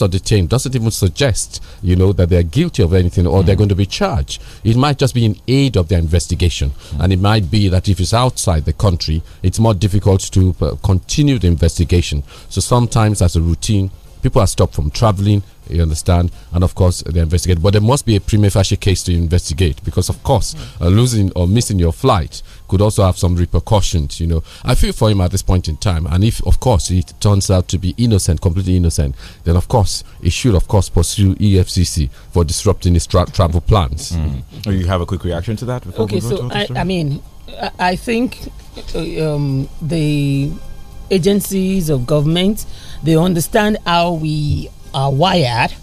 the detained doesn't even suggest, you know, that they're guilty of anything or mm. they're hmm. going to be charged. It might just be in aid of their investigation. Mm. And it might be that if it's outside the country, it's more difficult to uh, continue the investigation. So sometimes, as a routine, people are stopped from traveling, you understand, and of course, they investigate. But there must be a prima facie case to investigate because, of course, mm. uh, losing or missing your flight could also have some repercussions. You know, I feel for him at this point in time, and if of course it turns out to be innocent, completely innocent, then of course he should of course pursue EFCC for disrupting his tra travel plans. Mm. Oh, you have a quick reaction to that? okay, so I, I, mean, I think uh, um, the agencies of government they understand how we are wired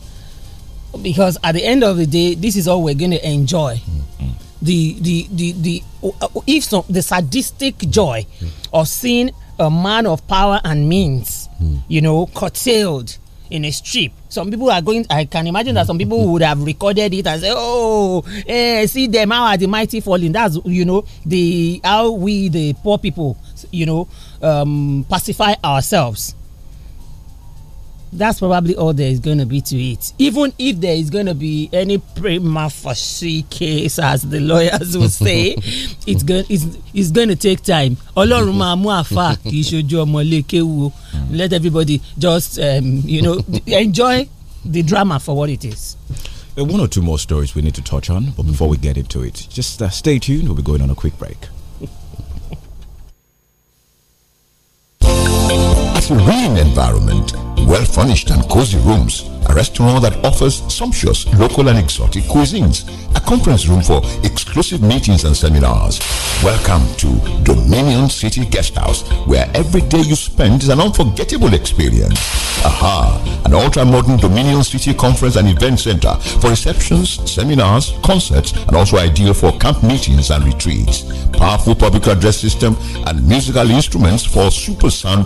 because at the end of the day, this is all we're going to enjoy. Mm -hmm the the the the uh, if some, the sadistic joy mm. of seeing a man of power and means, mm. you know, curtailed in a strip. Some people are going. I can imagine that some people would have recorded it and say, "Oh, eh, see them how are the mighty falling." That's you know the how we the poor people, you know, um, pacify ourselves that's probably all there is going to be to it. Even if there is going to be any prima facie case, as the lawyers will say, it's going it's, it's going to take time. Let everybody just um, you know enjoy the drama for what it is. Uh, one or two more stories we need to touch on, but before we get into it, just uh, stay tuned. We'll be going on a quick break. a serene environment, well furnished and cozy rooms, a restaurant that offers sumptuous local and exotic cuisines, a conference room for exclusive meetings and seminars. Welcome to Dominion City Guesthouse, where every day you spend is an unforgettable experience. Aha! An ultra modern Dominion City Conference and Event Center for receptions, seminars, concerts, and also ideal for camp meetings and retreats. Powerful public address system and musical instruments for super sound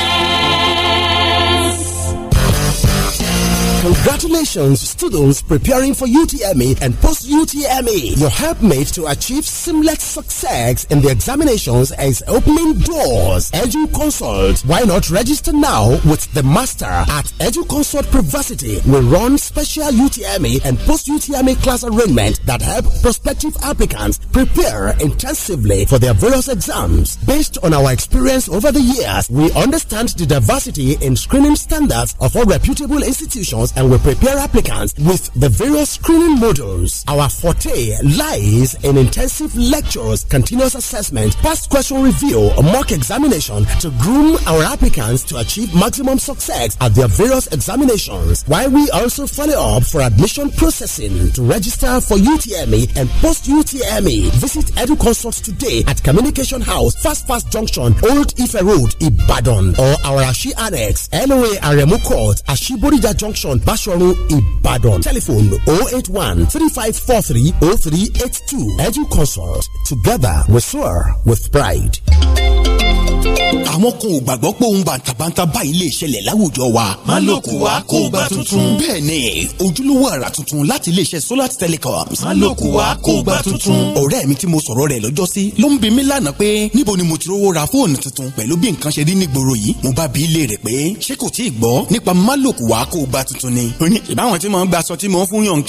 Congratulations, students preparing for UTME and post UTME. Your helpmate to achieve seamless success in the examinations is opening doors. EduConsult, Consult. Why not register now with the master at EduConsult Consult Privacy? We run special UTME and post UTME class arrangement that help prospective applicants prepare intensively for their various exams. Based on our experience over the years, we understand the diversity in screening standards of all reputable institutions and we prepare applicants with the various screening modules. Our forte lies in intensive lectures, continuous assessment, past question review, mock examination to groom our applicants to achieve maximum success at their various examinations. While we also follow up for admission processing to register for UTME and post UTME, visit EduConsult today at Communication House, Fast Fast Junction, Old Ife Road, Ibadan, or our Ashi Annex, LOA Aremu Court, Ashiborija Junction, Basharu Ibadan. Telephone 081 3543 0382. Edu Consult. Together we soar with pride. àwọn kan gbàgbọ́ pé ohun bàǹtàbàǹtà báyìí lè ṣẹlẹ̀ láwùjọ wa. má ló kù wá tuntun. bẹ́ẹ̀ ojúlówó àrà tuntun láti iléeṣẹ́ solar telecoms. má ló kù wá tuntun. ọ̀rẹ́ mi tí mo sọ̀rọ̀ rẹ̀ lọ́jọ́ sí ló ń bi mí lánàá pé níbo ni mo ti rówó ra fóònù tuntun pẹ̀lú bí nǹkan ṣe rí nígboro yìí mo bá bi í léèrè pé ṣé kò tí ì gbọ́ nípa má ló kù wá tuntun ni. ìbáwọn tí mo ń gba tí mo ń fún yàn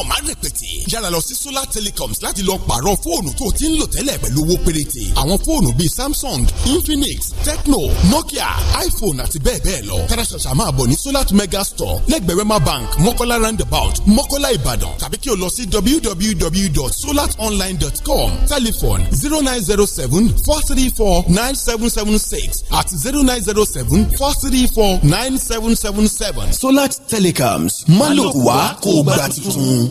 náà má rẹpẹtẹ yára lọ sí solar telecoms láti lọ pààrọ̀ fóònù tó ti ń lò tẹ́lẹ̀ pẹ̀lú owó péréte àwọn fóònù bíi samsung infinix tecno nokia iphone àti bẹ́ẹ̀ bẹ́ẹ̀ lọ kára máa bọ̀ ní solar mega store lẹ́gbẹ̀rẹ́mà bank mọ́kọ́lá roundabout mọ́kọ́lá ìbàdàn tàbí kí o lọ sí www.solatonline.com telephone zero nine zero seven four three four nine seven seven six àti zero nine zero seven four three four nine seven seven seven. solar telecoms má lòkùwá gbà tuntun.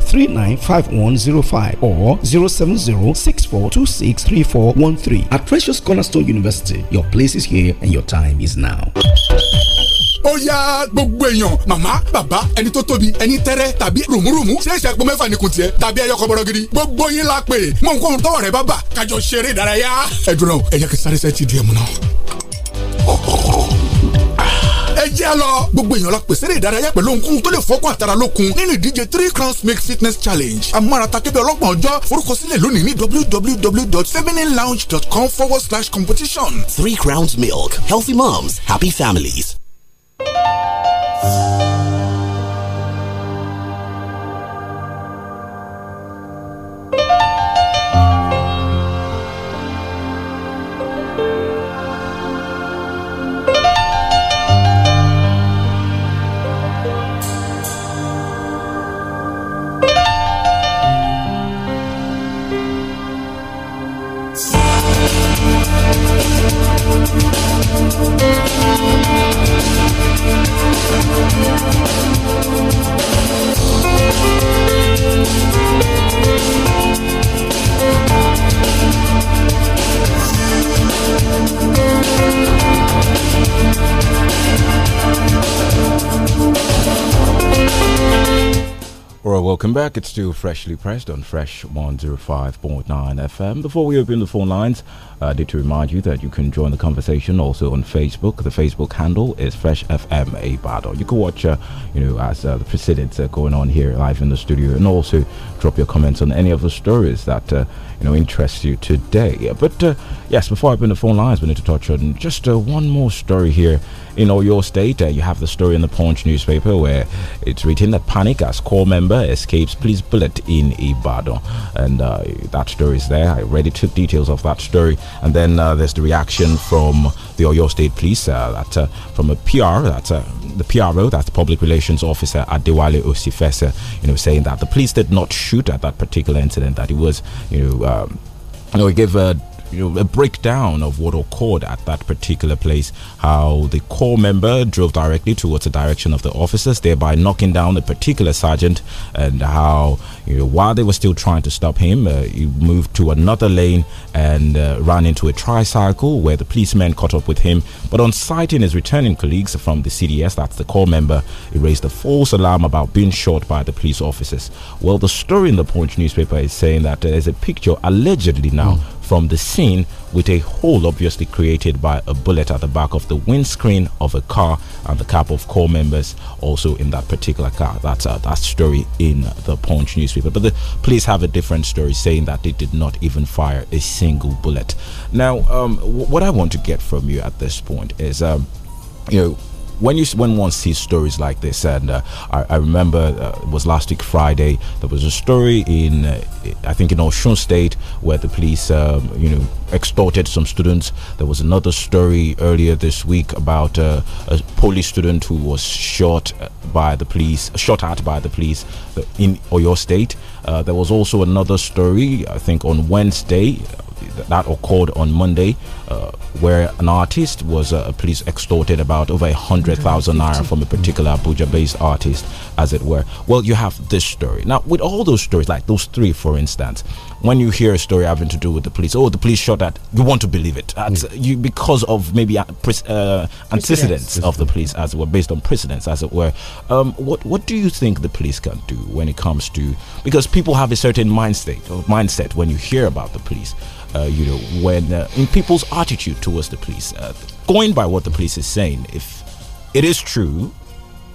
070395105 or 07064263413. At Precious Cornerstone University, your place is here and your time is now. ó yá gbogbo èèyàn màmá bàbá ẹni tó tóbi ẹni tẹ́rẹ́ tàbí rùmùrùmù ṣẹ̀ṣẹ̀ pọ̀ mẹ́fà nìkun tiẹ̀ tàbí ẹyọ kọ́bọ̀rọ̀ gidi gbogbo yín la pè mọ nǹkan tọwọ́ rẹ bá bà kájọ ṣeré ìdárayá ẹ̀dùn náà ẹ̀yà kẹsàrẹ́sẹ̀ ti di ẹ̀mú náà jẹ́ lọ. gbogbo èèyàn la pèsè ìdárayá pẹ̀lú nkún tó lè fọ́kàn àtàrà lókun nínú ìdíje three crowns make fitness challenge. amárata kébé ọlọ́gbọ̀n ọjọ́ forúkọsílẹ̀ lónìí ní www.femininelounge.com forward slash competition. three crowns milk healthy moms happy families. Welcome back. It's still freshly pressed on Fresh 105.9 FM. Before we open the phone lines, I uh, need to remind you that you can join the conversation also on Facebook. The Facebook handle is Fresh FM Abado. You can watch, uh, you know, as uh, the proceedings are going on here live in the studio, and also drop your comments on any of the stories that uh, you know interest you today. But uh, yes, before I open the phone lines, we need to touch on just uh, one more story here you know, your state. Uh, you have the story in the Punch newspaper where it's written that panic as core member escapes police bullet in Ibadan. And uh, that story is there. I already took details of that story. And then uh, there's the reaction from the Oyo State Police uh, that uh, from a PR, that's uh, the PRO, that's the public relations officer at Dewale Osifesa, you know, saying that the police did not shoot at that particular incident, that it was, you know, um, you know, it gave a you know, a breakdown of what occurred at that particular place, how the corps member drove directly towards the direction of the officers, thereby knocking down a particular sergeant, and how you know, while they were still trying to stop him, uh, he moved to another lane and uh, ran into a tricycle where the policemen caught up with him. But on sighting his returning colleagues from the CDS, that's the corps member, he raised a false alarm about being shot by the police officers. Well, the story in the Punch newspaper is saying that there's a picture allegedly now. Mm from the scene with a hole obviously created by a bullet at the back of the windscreen of a car and the cap of core members also in that particular car. That's uh, that story in the Punch newspaper. But the police have a different story saying that they did not even fire a single bullet. Now, um, what I want to get from you at this point is, um, you know, when you when one sees stories like this, and uh, I, I, remember uh, it was last week Friday, there was a story in uh, I think in Oshun State where the police, um, you know, extorted some students. There was another story earlier this week about uh, a police student who was shot uh, by the police, shot at by the police uh, in Oyo State. there was also another story I think on Wednesday that occurred on Monday, uh, where an artist was uh, police extorted about over a hundred thousand naira from a particular Abuja-based artist, as it were. Well, you have this story now. With all those stories, like those three, for instance, when you hear a story having to do with the police, oh, the police shot at, you want to believe it, mm. you because of maybe uh, uh antecedents of the police, as it were, based on precedents, as it were. Um, what what do you think the police can do when it comes to because people have a certain mindset mindset when you hear about the police? Uh, you know, when uh, in people's attitude towards the police. Uh, going by what the police is saying, if it is true,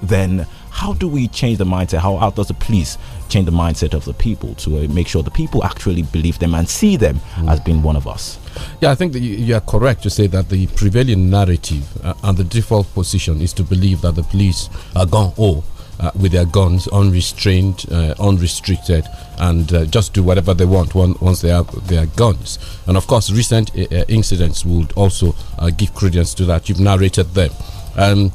then how do we change the mindset? How, how does the police change the mindset of the people to make sure the people actually believe them and see them mm. as being one of us? Yeah, I think you, you, are correct to say that the prevailing narrative uh, and the default position is to believe that the police are gone oh uh, with their guns, unrestrained, uh, unrestricted, and uh, just do whatever they want one, once they have their guns. And of course, recent uh, uh, incidents would also uh, give credence to that. You've narrated them. Um,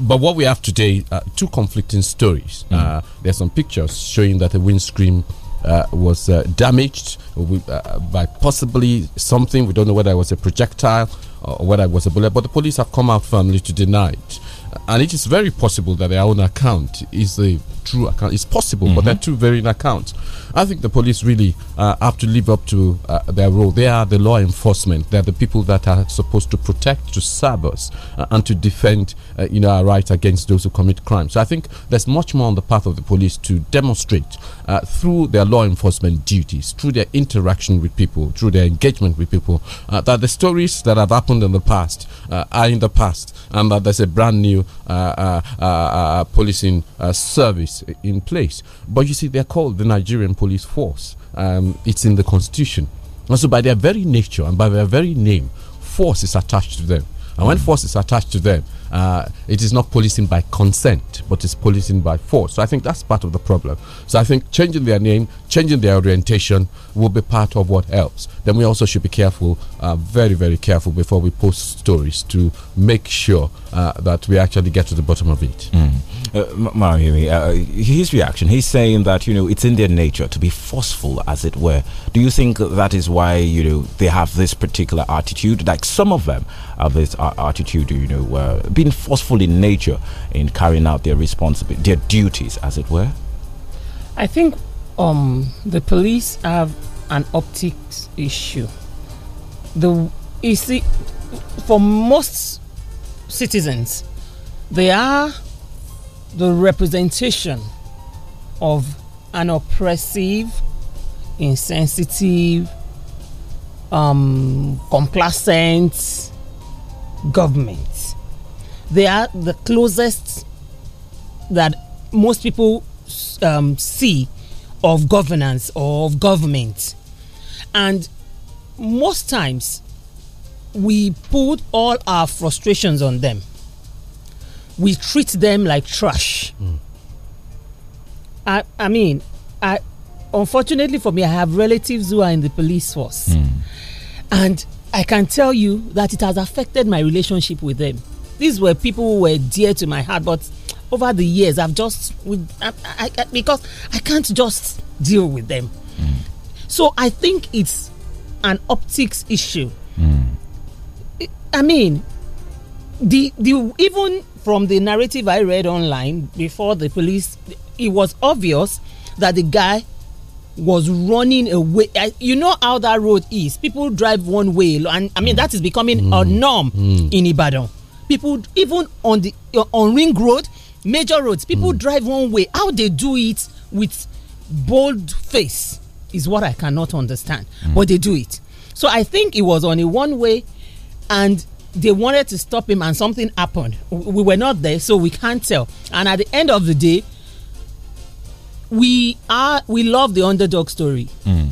but what we have today are two conflicting stories. Mm. There's some pictures showing that the windscreen uh, was uh, damaged uh, by possibly something. We don't know whether it was a projectile or whether it was a bullet, but the police have come out firmly to deny it and it is very possible that their own account is the true account. It's possible, mm -hmm. but mm-hmm. they're two very accounts. I think the police really uh, have to live up to uh, their role. They are the law enforcement. They are the people that are supposed to protect, to serve us, uh, and to defend, uh, you know, our rights against those who commit crime. So I think there's much more on the path of the police to demonstrate uh, through their law enforcement duties, through their interaction with people, through their engagement with people, uh, that the stories that have happened in the past are in the past, and that there's a brand new policing service in place. But you see, they're called the Nigerian police police force. Um, it's in the constitution. And so, by their very nature and by their very name, force is attached to them. And mm. when force is attached to them, uh, it is not policing by consent, but it's policing by force. So I think that's part of the problem. So I think changing their name, changing their orientation will be part of what helps. Then we also should be careful, uh, very, very careful before we post stories to make sure uh, that we actually get to the bottom of it. Mm. Uh, Mario, uh, his reaction, he's saying that, you know, it's in their nature to be forceful, as it were. Do you think that is why, you know, they have this particular attitude? Like some of them have this attitude, you know, uh, forceful in nature in carrying out their responsibility, their duties, as it were? I think um, the police have an optics issue. The you see, for most citizens, they are the representation of an oppressive, insensitive, um, complacent government they are the closest that most people um, see of governance or of government. And most times, we put all our frustrations on them. We treat them like trash. Mm. I, I mean, I unfortunately for me, I have relatives who are in the police force. Mm. And I can tell you that it has affected my relationship with them these were people who were dear to my heart but over the years i've just with I, I, I, because i can't just deal with them mm. so i think it's an optics issue mm. i mean the the even from the narrative i read online before the police it was obvious that the guy was running away. You know how that road is. People drive one way, and I mean mm. that is becoming mm. a norm mm. in Ibadan people even on the uh, on ring road major roads people mm. drive one way how they do it with bold face is what i cannot understand mm. but they do it so i think it was only one way and they wanted to stop him and something happened we were not there so we can't tell and at the end of the day we are we love the underdog story mm.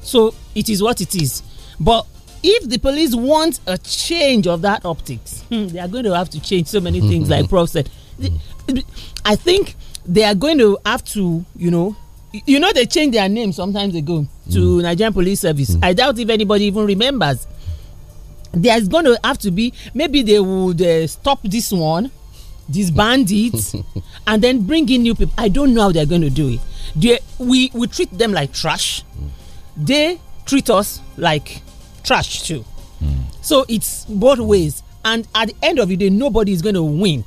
so it is what it is but if the police want a change of that optics, they are going to have to change so many things, like mm-hmm. Prof said. I think they are going to have to, you know, you know, they changed their name sometimes ago to mm. Nigerian Police Service. Mm. I doubt if anybody even remembers. There's going to have to be maybe they would uh, stop this one, these bandits, and then bring in new people. I don't know how they're going to do it. They, we we treat them like trash. Mm. They treat us like trash too. Mm. So it's both ways. And at the end of the day, nobody is going to win.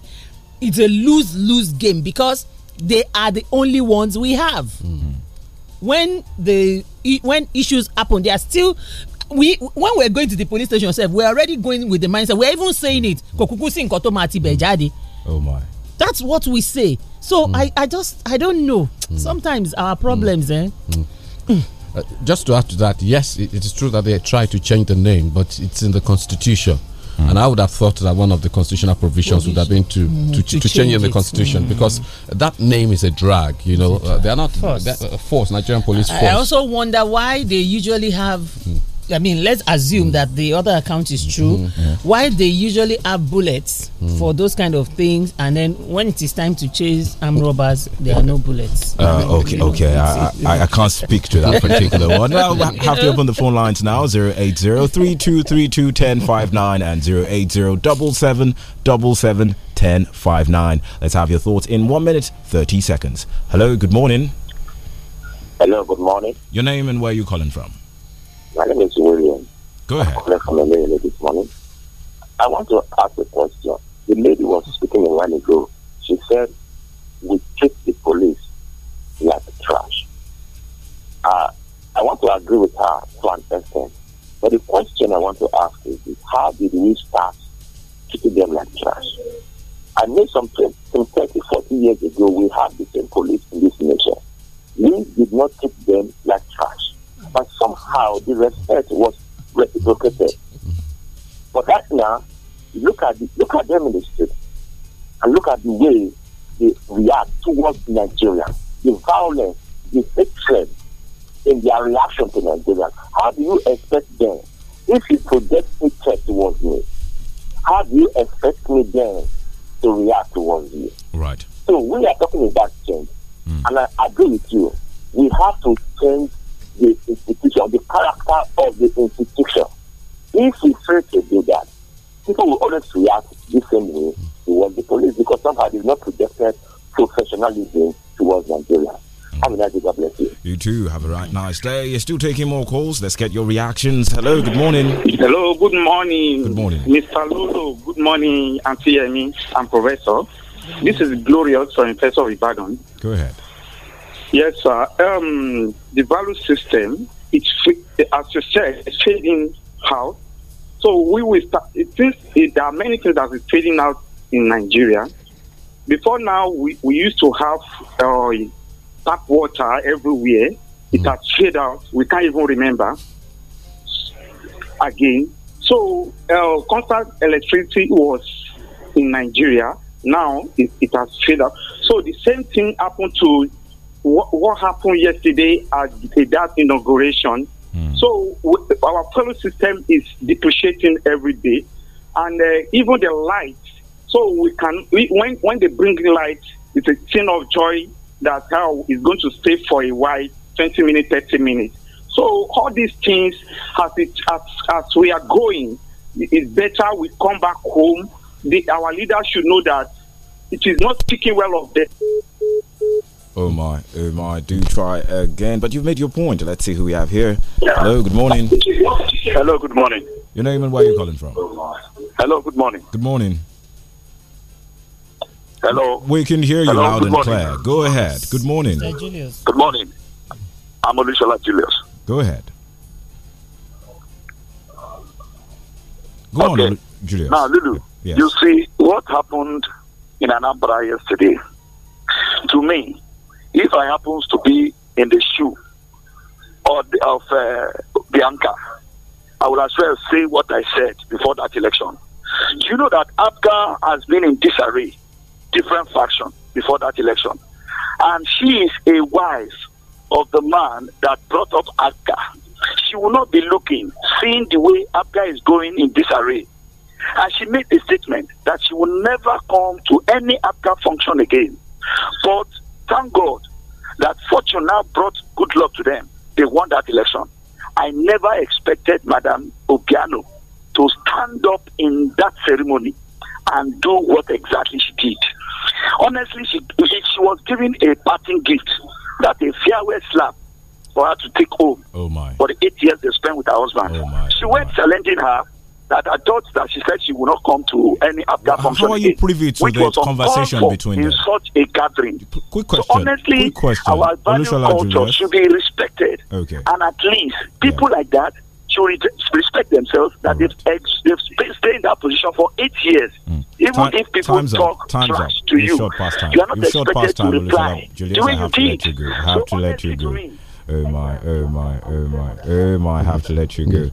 It's a lose lose game because they are the only ones we have. Mm. When the when issues happen, they are still we when we're going to the police station yourself, we're already going with the mindset. We're even saying it. Mm. Oh my. That's what we say. So mm. I, I just I don't know. Hmm. Sometimes our problems, hmm. eh? Hmm. Uh, just to add to that, yes, it, it is true that they try to change the name, but it's in the constitution. Mm. And I would have thought that one of the constitutional provisions would have been to mm, to, to, to, change, in the constitution mm. because that name is a drag. You know, uh, they are not force. Uh, force Nigerian police force. I also wonder why they usually have hmm. I mean, let's assume mm. that the other account is true. Mm, yeah. Why they usually have bullets mm. for those kind of things, and then when it is time to chase armed robbers, there are no bullets. Uh, okay, you okay, I, I, I, can't speak to that particular one. i have to open the phone lines now: zero eight zero three two three two ten five nine and zero eight zero double seven double seven ten five nine. Let's have your thoughts in one minute thirty seconds. Hello, good morning. Hello, good morning. Your name and where are you calling from? My name is William. Go ahead. I'm from America this morning. I want to ask a question. The lady was speaking a while ago. She said, We treat the police like trash. Uh, I want to agree with her to an extent. But the question I want to ask is, is how did we start treating them like trash? I know some, some 30, 40 years ago, we had the same police in this nation. We did not treat them like trash but somehow the respect was reciprocated. But that now, look at the, look at them in the street, and look at the way they react towards Nigeria, the violence, the hatred in their reaction to Nigeria. How do you expect them? If you project hatred towards me, how do you expect me then to react towards you? Right. So we are talking about change, mm. and I agree with you. We have to change the institution, the character of the institution. If we fail to do that, people will always react the same way towards the police because somehow they've not projected professionalism towards Nigeria. Have a nice day. God bless you. You too. Have a right nice day. You're still taking more calls. Let's get your reactions. Hello. Good morning. Hello. Good morning. Good morning. Mr. Lulu. Good morning, Auntie Amy and Professor. This is Glorious from Professor Ibadan. Go ahead. Yes, sir um, the value system, is as you said, it's fading out. So we will start. It is, it, there are many things that is fading out in Nigeria. Before now, we, we used to have uh, tap water everywhere. It has faded out. We can't even remember again. So uh, constant electricity was in Nigeria. Now it, it has faded out. So the same thing happened to what, what happened yesterday at that inauguration. Mm. So our power system is depreciating every day, and uh, even the lights. So we can we, when when they bring the light, it's a thing of joy that how is going to stay for a while, twenty minutes, thirty minutes. So all these things, as it as, as we are going, it's better we come back home. The, our leaders should know that it is not speaking well of them. Oh my, oh my, do try again. But you've made your point. Let's see who we have here. Yeah. Hello, good morning. Hello, good morning. Your name and where you're calling from? Oh Hello, good morning. Good morning. Hello. We can hear you Hello, loud and clear. Go ahead. Good morning. Julius. Good morning. I'm Olushola Julius. Go ahead. Go okay. on, Julius. Now, Lulu, yes. you see what happened in Anambra yesterday. To me, if I happens to be in the shoe or of uh, Bianca, I will as well say what I said before that election. you know that APGA has been in disarray, different faction before that election, and she is a wife of the man that brought up APGA. She will not be looking, seeing the way APGA is going in disarray. And she made a statement that she will never come to any APGA function again. But thank God that fortune now brought good luck to them. They won that election. I never expected Madam Obiano to stand up in that ceremony and do what exactly she did. Honestly, she, she was given a parting gift that a farewell slap for her to take home oh my. for the eight years they spent with her husband. Oh my, she oh went my. challenging her that I thought that she said she would not come to any after well, function. How are you privy to the conversation between them? In such a gathering. quick question. So honestly, quick question. our value culture should be respected. Okay. And at least people yeah. like that should respect themselves that right. they've, they've stayed in that position for eight years. Mm. Even time, if people talk up, trash up. to You're you, you are not You're expected to reply. Julius, Do I have to let you go. I have so to let you go oh my, oh my, oh my, oh my, I have to let you go.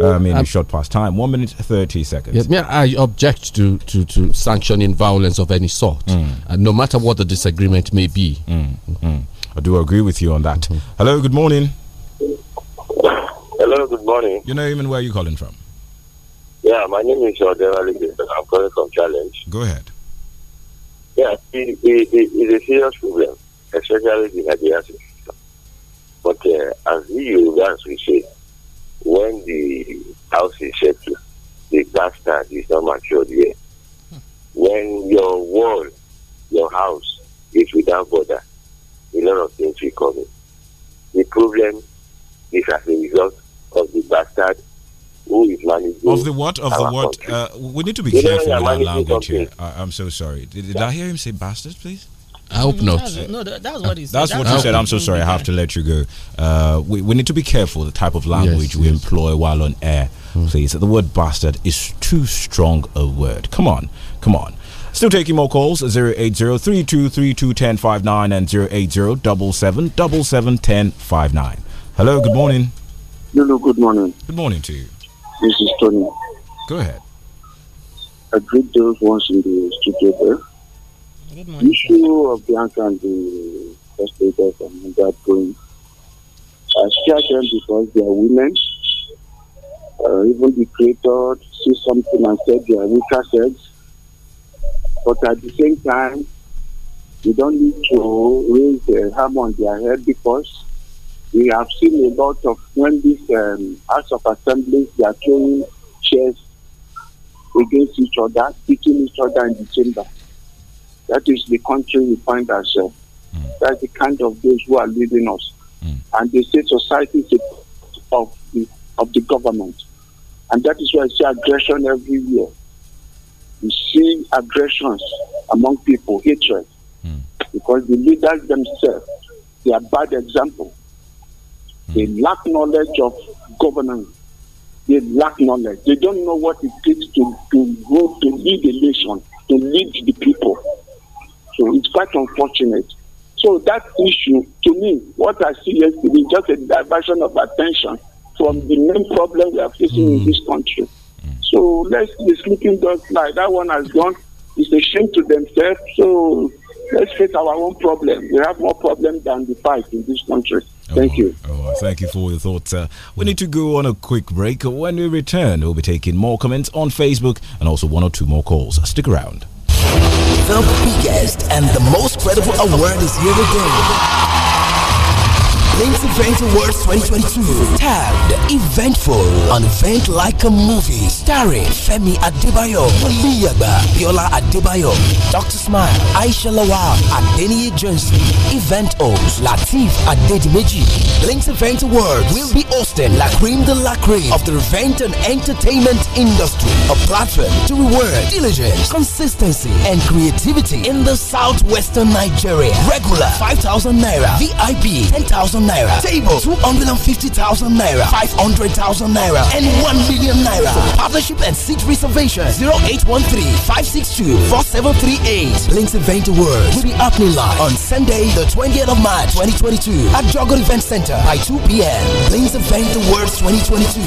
Uh, I um, mean, um, short past time, one minute, 30 seconds. Yeah, I object to, to, to sanctioning violence of any sort, mm. uh, no matter what the disagreement may be. Mm. Mm. I do agree with you on that. -hmm. Hello, good morning. Hello, good morning. You know even where are you calling from? Yeah, my name is Odera I'm calling from Challenge. Go ahead. Yeah, it, it, it, it's a serious problem, especially in Nigeria. But uh, as the Yorubans we say, when the house is shaky, the bastard is not matured yet. When your wall, your house is without border, a lot of things will come in. The problem is as a result of the bastard who is managing. Of the what? Of the what? Uh, we need to be you careful with our language here. I, am so sorry. Did, did yeah. I hear him say bastard, please? I hope mm, not. That's, no, that's uh, what he said. That's, that's what you said. I'm so sorry. I have to let you go. Uh, we, we need to be careful the type of language yes, we yes. employ while on air, mm. please. The word bastard is too strong a word. Come on. Come on. Still taking more calls 80 3232 and 80 1059 Hello, good morning. Hello, good morning. Good morning to you. This is Tony. Go ahead. I greet those ones in the studio there morning. The issue of Bianca and the first aiders and that going, I share them because they are women. Uh, even the creator see something and said they are weaker sex. But at the same time, you don't need to raise the harm on their head because we have seen a lot of when these um, House of Assemblies they are throwing chairs against each other, beating each other in the chamber. That is the country we find ourselves. Mm. That's the kind of those who are leading us. Mm. And they say society is of the, of the government. And that is why I see aggression every year. We see aggressions among people, hatred. Mm. Because the leaders themselves, they are bad example. Hmm. They lack knowledge of governance. They lack knowledge. They don't know what it takes to, to, to lead a nation, to lead the people so it's quite unfortunate. So that issue, to me, what I see yesterday is just a diversion of attention from the main problem we are facing mm. in hmm. this country. Hmm. So let's be sleeping dogs like that one has gone. It's a shame to themselves. So let's face our own problem. We have more problems than the fight in this country. Thank oh, you. Oh, thank you for your thoughts. Uh, we need to go on a quick break. When we return, we'll be taking more comments on Facebook and also one or two more calls. Stick around the biggest and the most credible award is here again. Men's Event Awards 2022. Tagged Eventful, an event like a movie. Starring Femi Adebayo, Liyaba, Biola Adebayo, Dr. Smile, Aisha Lawal, Adeniyi Johnson. Event host Latif Adedimeji. Links Event Awards will be hosting La Cream de la Cream of the event and entertainment industry. A platform to reward diligence, consistency, and creativity in the southwestern Nigeria. Regular 5,000 Naira, VIP 10,000 naira. Table 250,000 naira. 500,000 naira. And 1 million naira. partnership and seat reservation 0813 562 4738. Links event awards will be happening live on Sunday, the 20th of March 2022 at Jogger Event Center by 2 p.m. Links event awards 2022.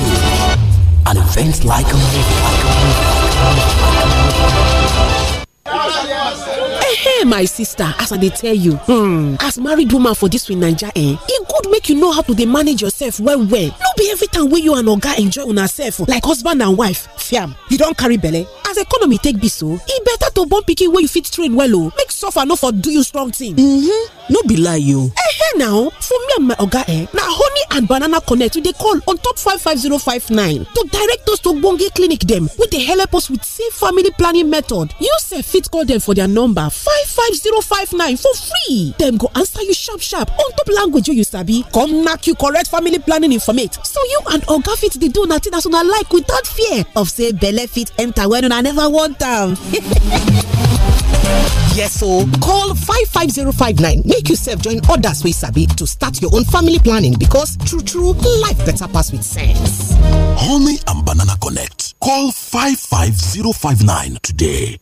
An event like a movie. Like a movie. Like a movie. Like a movie. Hey, eh, eh, my sister as i tell you hmm as married woman for dis naija eh it e good make you know how to manage yourself well well no be every time wey you and oga enjoy on herself, like husband and wife fiam you don't carry belly. as economy take be so it e better to bump pikin where you fit train well oh, make suffer no for do you strong thing. Mm-hmm. no be lie o. Oh. Hey, eh, now for me and my oga eh now honey and banana connect with the call on top five five zero five nine to direct us to ogbonge clinic them, wey dey help us with safe family planning method you safe fit call dem for their number five five five zero nine for free. Dem go answer you sharp sharp on top language wey you sabi, come knack you correct family planning informate so you and oga fit dey do na thing as una like without fear of say belle fit enter when una never want am. yes o call five five five zero nine. make yourself join others wey sabi to start your own family planning because true true life better pass with sense. honey and banana connect call five five zero five nine today.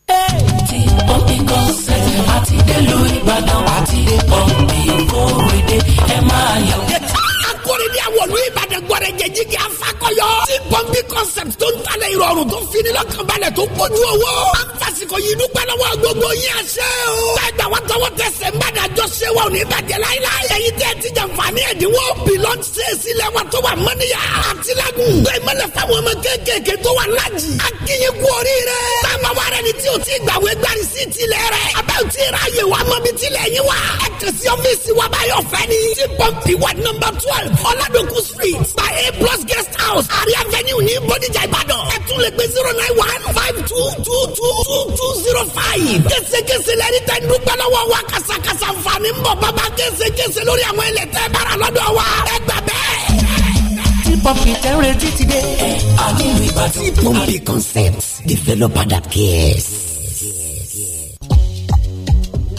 délùú ah, Ìbàdàn gbọ́dọ̀ jẹ̀jì kí a fa kọyọ. tí pọ́ńpì concept tó ń talẹ̀ ìrọ̀rùn tó fini lọ́kànbalẹ̀ tó kojú owó. a ń fasikọ yìí dúpẹ́ lọ́wọ́ gbogbo yín àṣẹ o. gbàgbà wa tọwọ́ tẹsẹ̀ ń bàdàn jọ ṣe wa ò ní bàjẹ́ láíláí. èyí tẹ́ ti jàǹfààní ẹ̀dínwó. bilọ́n ṣe é sílẹ̀ wa tó wà mọ́níyà. àtìlágùn. gbé mẹ́lẹ̀ fáwọn ọmọ kéékèèké tó wà lájì. a kì í kú oríire. sáàmà wa rẹ ni tí o ti gbàwé gbárí sí tilẹ̀ rẹ. abẹ́ ò ti ra yè wa mọ́ bí tilẹ̀ yín wa. ẹ kàn sí ọ́fíìsì wa báyọ̀ fẹ́ ni. tí street by a plus guest house àrí avenue ní bodijà ìbàdàn ẹ tún lè pe zero nine one five two two two two two zero five késekése lẹ́ni tẹ́ ń dúpẹ́ lọ́wọ́ wa kàṣàkàṣà nfààní ń bọ̀ bàbá késekése lórí àwọn ilẹ̀ tẹ́ bára lọ́dọ̀ wa ẹ gbà bẹ́ẹ̀ pọ́ǹpì tẹ́ ń retí ti dé. ẹ a nílùú ìbàdàn. tí pọ́ǹpì concept developer that cares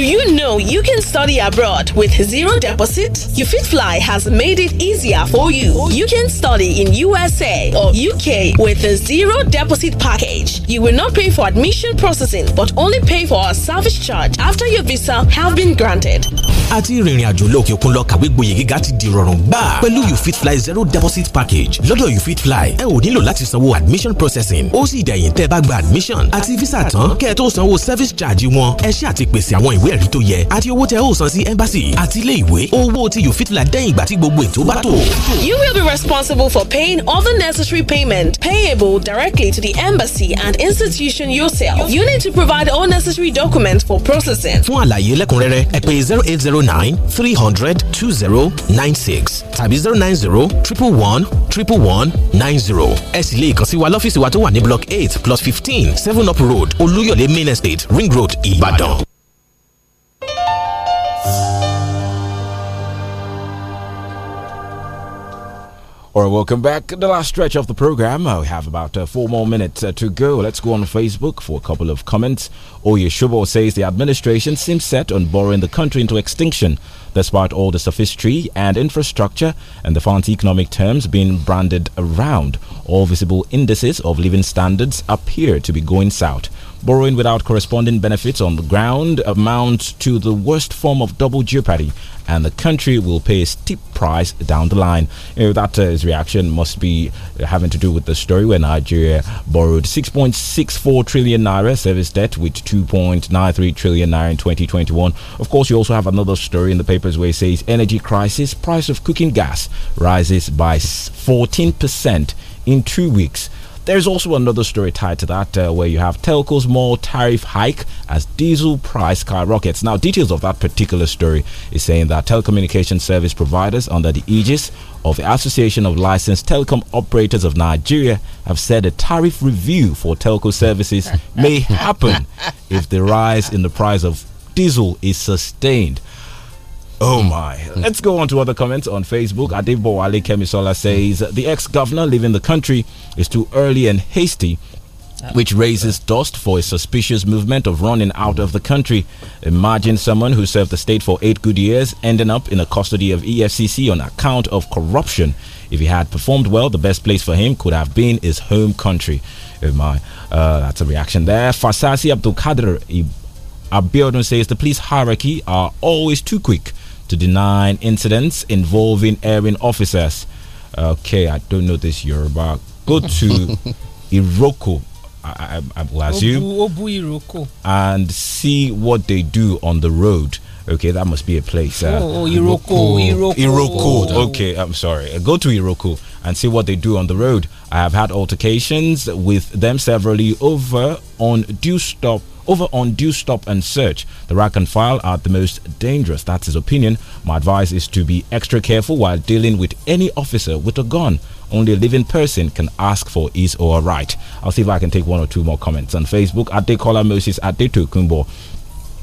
Do you know you can study abroad with zero deposit? UFitFly has made it easier for you. You can study in USA or UK with a zero deposit package. You will not pay for admission processing but only pay for a service charge after your visa have been granted. àti ìrìnrìn àjò lókè òkun lọ kàwé gboyè gíga ti di rọrùn gbà pẹ̀lú UFitFly zero deposit package lọ́dọ̀ UFitFly ẹ ò nílò láti sanwó admission processing ó sì dẹ̀yìn tẹ́ bá gba admission àti visa tán kẹ́ ẹ tó sanwó service charge wọn ẹ ṣe àti pèsè àwọn ìwé ẹ̀rí tó yẹ àti owó tẹ ó san sí embassy àti ilé ìwé owó tí yóò fìtìlà dẹ́yìn ìgbà tí gbogbo ètò bá tó. You will be responsible for paying all the necessary payment payable directly to the embassy and institution yourself. You need to provide all necessary documents for processing. Fún àlàyé lẹ́kùnrẹ́rẹ́ ẹ pè zero eight zero nine three hundred two zero nine six tàbí zero nine zero triple one triple one nine zero. ẹ sì lè kàn sí wa lọ́fíìsì wa tó wà ní block eight plus fifteen seven up road olúyọ̀lé main estate ring road ìbàdàn. All right, welcome back. The last stretch of the program. Uh, we have about uh, four more minutes uh, to go. Let's go on Facebook for a couple of comments. Oyeshubo says the administration seems set on borrowing the country into extinction, despite all the sophistry and infrastructure and the fancy economic terms being branded around. All visible indices of living standards appear to be going south. Borrowing without corresponding benefits on the ground amounts to the worst form of double jeopardy, and the country will pay a steep price down the line. You know, that uh, reaction must be having to do with the story where Nigeria borrowed 6.64 trillion naira service debt with 2.93 trillion naira in 2021. Of course, you also have another story in the papers where it says energy crisis, price of cooking gas rises by 14% in two weeks. There's also another story tied to that uh, where you have telcos more tariff hike as diesel price skyrockets. Now, details of that particular story is saying that telecommunication service providers under the aegis of the Association of Licensed Telecom Operators of Nigeria have said a tariff review for telco services may happen if the rise in the price of diesel is sustained. Oh my. Let's go on to other comments on Facebook. Adebo Ali Kemisola says the ex governor leaving the country is too early and hasty which raises dust for a suspicious movement of running out of the country. Imagine someone who served the state for eight good years ending up in the custody of EFCC on account of corruption. If he had performed well, the best place for him could have been his home country. Oh my, uh, that's a reaction there. Fasasi Abdul Kadir Abiodun says the police hierarchy are always too quick to deny incidents involving airing officers. Okay, I don't know this Yoruba. Go to Iroko, I, I, I will assume, Obu, Obu and see what they do on the road. Okay, that must be a place. Uh, oh, oh Iroko, Iroko. Iroko. Okay, I'm sorry. Go to Iroko and see what they do on the road. I have had altercations with them severally over on due stop over undue stop and search. The rack and file are the most dangerous. That's his opinion. My advice is to be extra careful while dealing with any officer with a gun. Only a living person can ask for his or her right. I'll see if I can take one or two more comments on Facebook. Adekola Moses the Kumbo.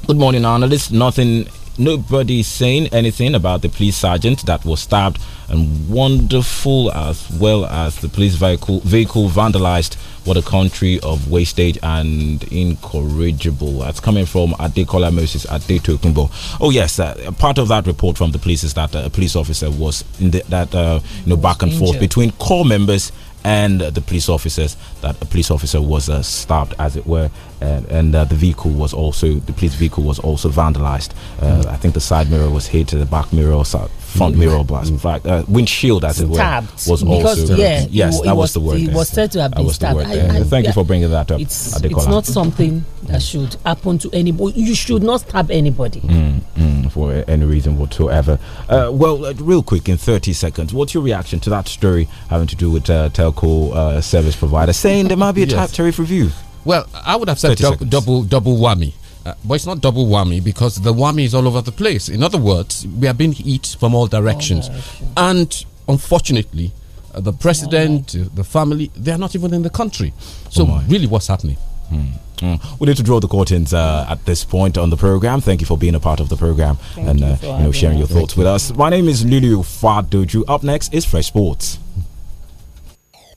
Good morning, analysts. Nothing Nobody saying anything about the police sergeant that was stabbed and wonderful as well as the police vehicle, vehicle vandalized. What a country of wastage and incorrigible. That's coming from Adekola Moses Adetokunbo. Oh yes, uh, part of that report from the police is that uh, a police officer was in the, that uh, you know back and forth between core members and the police officers that a police officer was uh, stabbed as it were uh, and uh, the vehicle was also the police vehicle was also vandalized mm. i think the side mirror was hit the back mirror front mirror blast. In fact, uh, windshield as it were was because, also yeah, yes, it, that it was, was, the word. It was said to have been stabbed. I, I, Thank you for bringing that up. It's, it's not something that should happen to anybody. You should not stab anybody mm, mm, for any reason whatsoever. Uh, well, uh, real quick in thirty seconds, what's your reaction to that story having to do with uh, telco uh, service provider saying there might be a yes. type tariff review? Well, I would have said double double whammy. Uh, but it's not double whammy because the whammy is all over the place. In other words, we are being hit from all directions. All directions. And unfortunately, uh, the president, uh, the family, they are not even in the country. So, oh really, what's happening? Hmm. Mm. We need to draw the curtains uh, at this point on the program. Thank you for being a part of the program Thank and you, uh, you know sharing your thoughts with us. My name is Lulu Fadoju. Up next is Fresh Sports.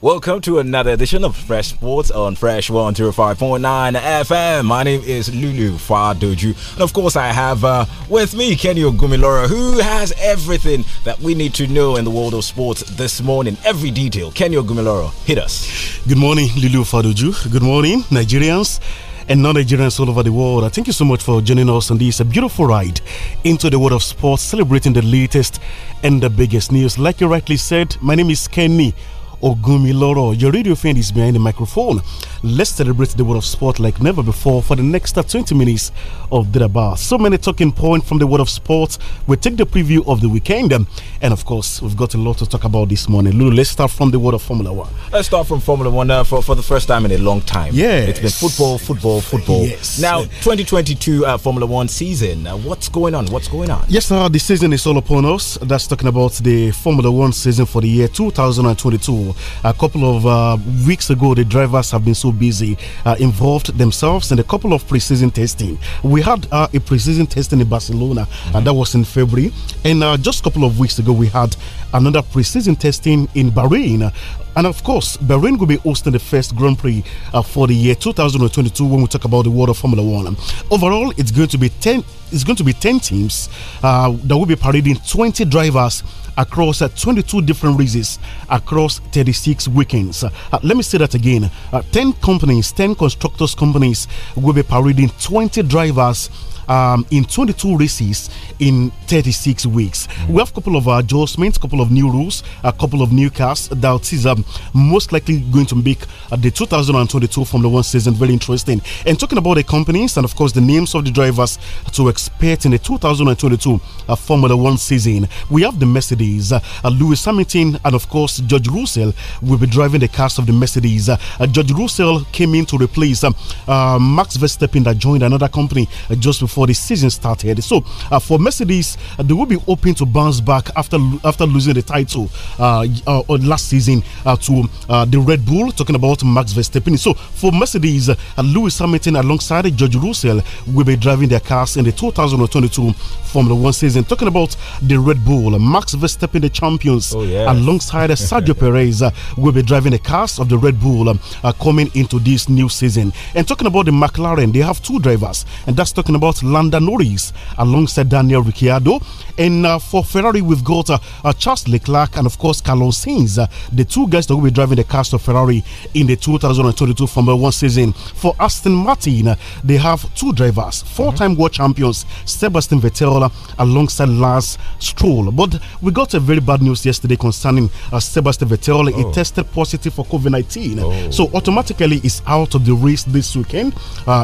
Welcome to another edition of Fresh Sports on Fresh 105.9 FM. My name is Lulu Fadoju. And of course, I have uh, with me Kenny Ogumiloro, who has everything that we need to know in the world of sports this morning. Every detail. Kenny Ogumiloro, hit us. Good morning, Lulu Fadoju. Good morning, Nigerians and non-Nigerians all over the world. I thank you so much for joining us on this beautiful ride into the world of sports, celebrating the latest and the biggest news. Like you rightly said, my name is Kenny Loro, Your radio friend is behind the microphone. Let's celebrate the world of sport like never before for the next uh, 20 minutes of the So many talking points from the world of sport. We take the preview of the weekend, and of course, we've got a lot to talk about this morning. Lulu, let's start from the world of Formula One. Let's start from Formula One uh, for for the first time in a long time. Yeah, it's been football, football, football. Yes. Now, 2022 uh, Formula One season. Uh, what's going on? What's going on? Yes, sir. The season is all upon us. That's talking about the Formula One season for the year 2022. A couple of uh, weeks ago, the drivers have been so busy, uh, involved themselves in a couple of pre-season testing. We had uh, a season testing in Barcelona, uh, mm -hmm. and that was in February. And uh, just a couple of weeks ago, we had another pre-season testing in Bahrain. And of course, Bahrain will be hosting the first Grand Prix uh, for the year 2022 when we talk about the world of Formula One. Overall, it's going to be 10. It's going to be 10 teams uh, that will be parading 20 drivers across uh, 22 different races across 36 weekends. Uh, let me say that again uh, 10 companies, 10 constructors companies will be parading 20 drivers um, in 22 races in 36 weeks. Mm. We have a couple of adjustments, a couple of new rules, a couple of new cars that is um, most likely going to make uh, the 2022 Formula One season very interesting. And talking about the companies and, of course, the names of the drivers to expect in the 2022 uh, Formula One season, we have the Mercedes, uh, uh, Lewis Hamilton, and, of course, George Russell will be driving the cars of the Mercedes. Uh, uh, George Russell came in to replace um, Max Verstappen that joined another company just before for the season started. So uh, for Mercedes, uh, they will be hoping to bounce back after after losing the title uh, last season to the Red Bull. Talking about Max Verstappen. So for Mercedes, Lewis Hamilton alongside George Russell will be driving their cars in the 2022 Formula One season. Talking about the Red Bull, Max Verstappen, the champions, oh, alongside Sergio Perez, uh, will be driving the cars of the Red Bull um, uh, coming into this new season. And talking about the McLaren, they have two drivers, and that's talking about Lando Norris alongside Daniel Ricciardo. And uh, for Ferrari, we've got uh, uh Charles Leclerc and, of course, Carlos Sainz, uh, the two guys that will be driving the cars of Ferrari in the 2022 Formula One season. For Aston Martin, uh, they have two drivers, four time mm -hmm. world champions, Sebastian Vettel alongside Lars Stroll. But we got a very bad news yesterday concerning Sebastian Vettel. Oh. He tested positive for COVID 19. Oh. So automatically, he's out of the race this weekend.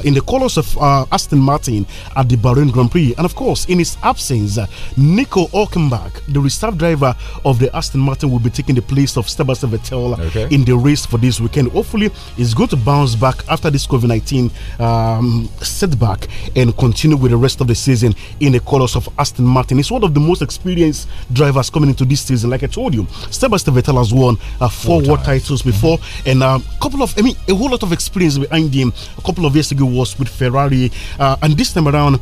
in the colors of Aston Martin, at the Bahrain Grand Prix. And of course, in his absence, Nico Hülkenberg, the reserve driver of the Aston Martin, will be taking the place of Sebastian Vettel okay. in the race for this weekend. Hopefully, he's going to bounce back after this COVID 19 um, setback and continue with the rest of the season in the colors of Aston Martin. He's one of the most experienced drivers coming into this season. Like I told you, Sebastian Vettel has won uh, four, world titles before, mm -hmm. and a um, couple of, I mean, a whole lot of experience behind him. A couple of years ago was with Ferrari, uh, and this time around.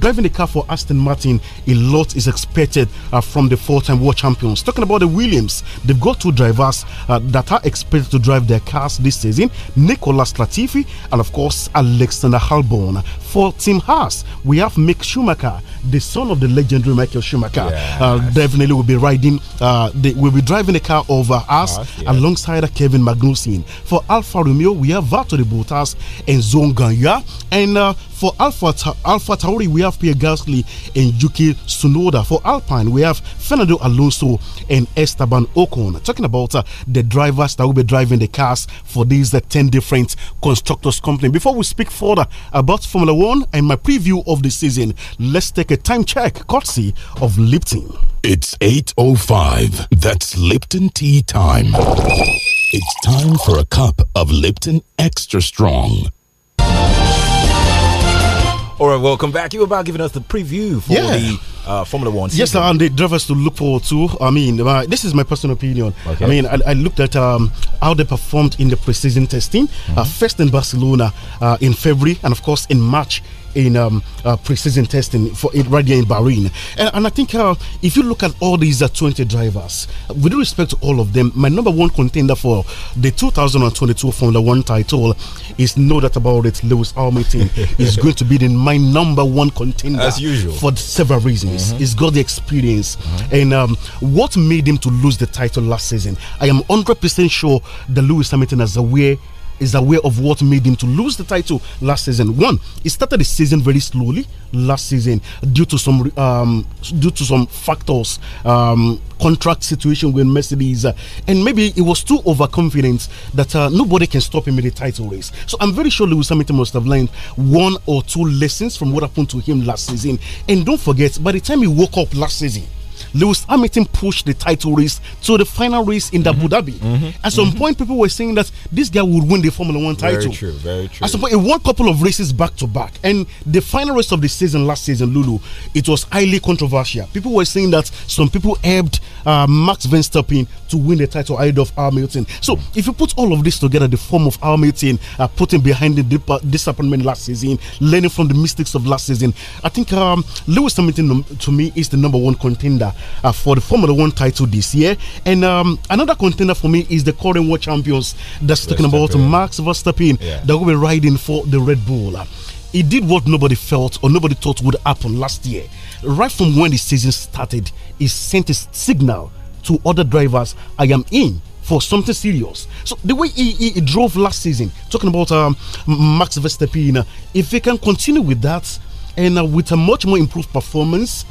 driving the car for Aston Martin, a lot is expected uh, from the four time world champions. Talking about the Williams, they've got two drivers uh, that are expected to drive their cars this season Nicolas Latifi and, of course, Alexander Halborn. For Team Haas, we have Mick Schumacher the son of the legendary Michael Schumacher, yes. uh, definitely will be riding, uh, they will be driving a car over us oh, alongside Kevin Magnussen. For Alfa Romeo, we have Valtteri Bottas and Zhou Ganya. And uh, for Alpha, Ta Alpha Tauri, we have Pierre Gasly and Yuki Tsunoda. For Alpine, we have Fernando Alonso and Esteban Ocon. Talking about uh, the drivers that will be driving the cars for these uh, 10 different constructors' company. Before we speak further about Formula One and my preview of the season, let's take a a time check courtesy of Lipton. It's 8.05. That's Lipton tea time. It's time for a cup of Lipton Extra Strong. All right, welcome back. You were about giving us the preview for yeah. the uh, Formula One. Season. Yes, sir, and the drivers to look forward to. I mean, uh, this is my personal opinion. Okay. I mean, I, I looked at um, how they performed in the precision testing, mm -hmm. uh, first in Barcelona uh, in February, and of course in March in um, uh, precision testing for it right here in Bahrain. And, and I think uh, if you look at all these uh, 20 drivers, with respect to all of them, my number one contender for the 2022 Formula One title is no doubt about it. Lewis Hamilton is going to be the, my number one contender as usual for several reasons. Mm -hmm. He's got the experience, mm -hmm. and um, what made him to lose the title last season, I am 100% sure that Lewis Hamilton is aware is aware of what made him to lose the title last season. One, he started the season very slowly last season due to some um, due to some factors, um, contract situation with Mercedes, uh, and maybe he was too overconfident that uh, nobody can stop him in the title race. So I'm very sure Lewis Hamilton must have learned one or two lessons from what happened to him last season. And don't forget, by the time he woke up last season. Lewis Hamilton pushed the title race to the final race in mm -hmm. Abu Dhabi. Mm -hmm. At some mm -hmm. point, people were saying that this guy would win the Formula One title. Very true, very true. At some point, he won a couple of races back to back. And the final race of the season last season, Lulu, it was highly controversial. People were saying that some people ebbed uh, Max Verstappen to win the title ahead of Hamilton. So if you put all of this together, the form of Hamilton, uh, putting behind the uh, disappointment last season, learning from the mistakes of last season, I think um, Lewis Hamilton to me is the number one contender uh, for the Formula One title this year. And um, another contender for me is the current world champions. That's talking about Max Verstappen yeah. that will be riding for the Red Bull. Uh, he did what nobody felt or nobody thought would happen last year. Right from when the season started, he sent a signal to other drivers, I am in for something serious. So the way he, he, he drove last season, talking about um, Max Verstappen, uh, if he can continue with that and uh, with a much more improved performance,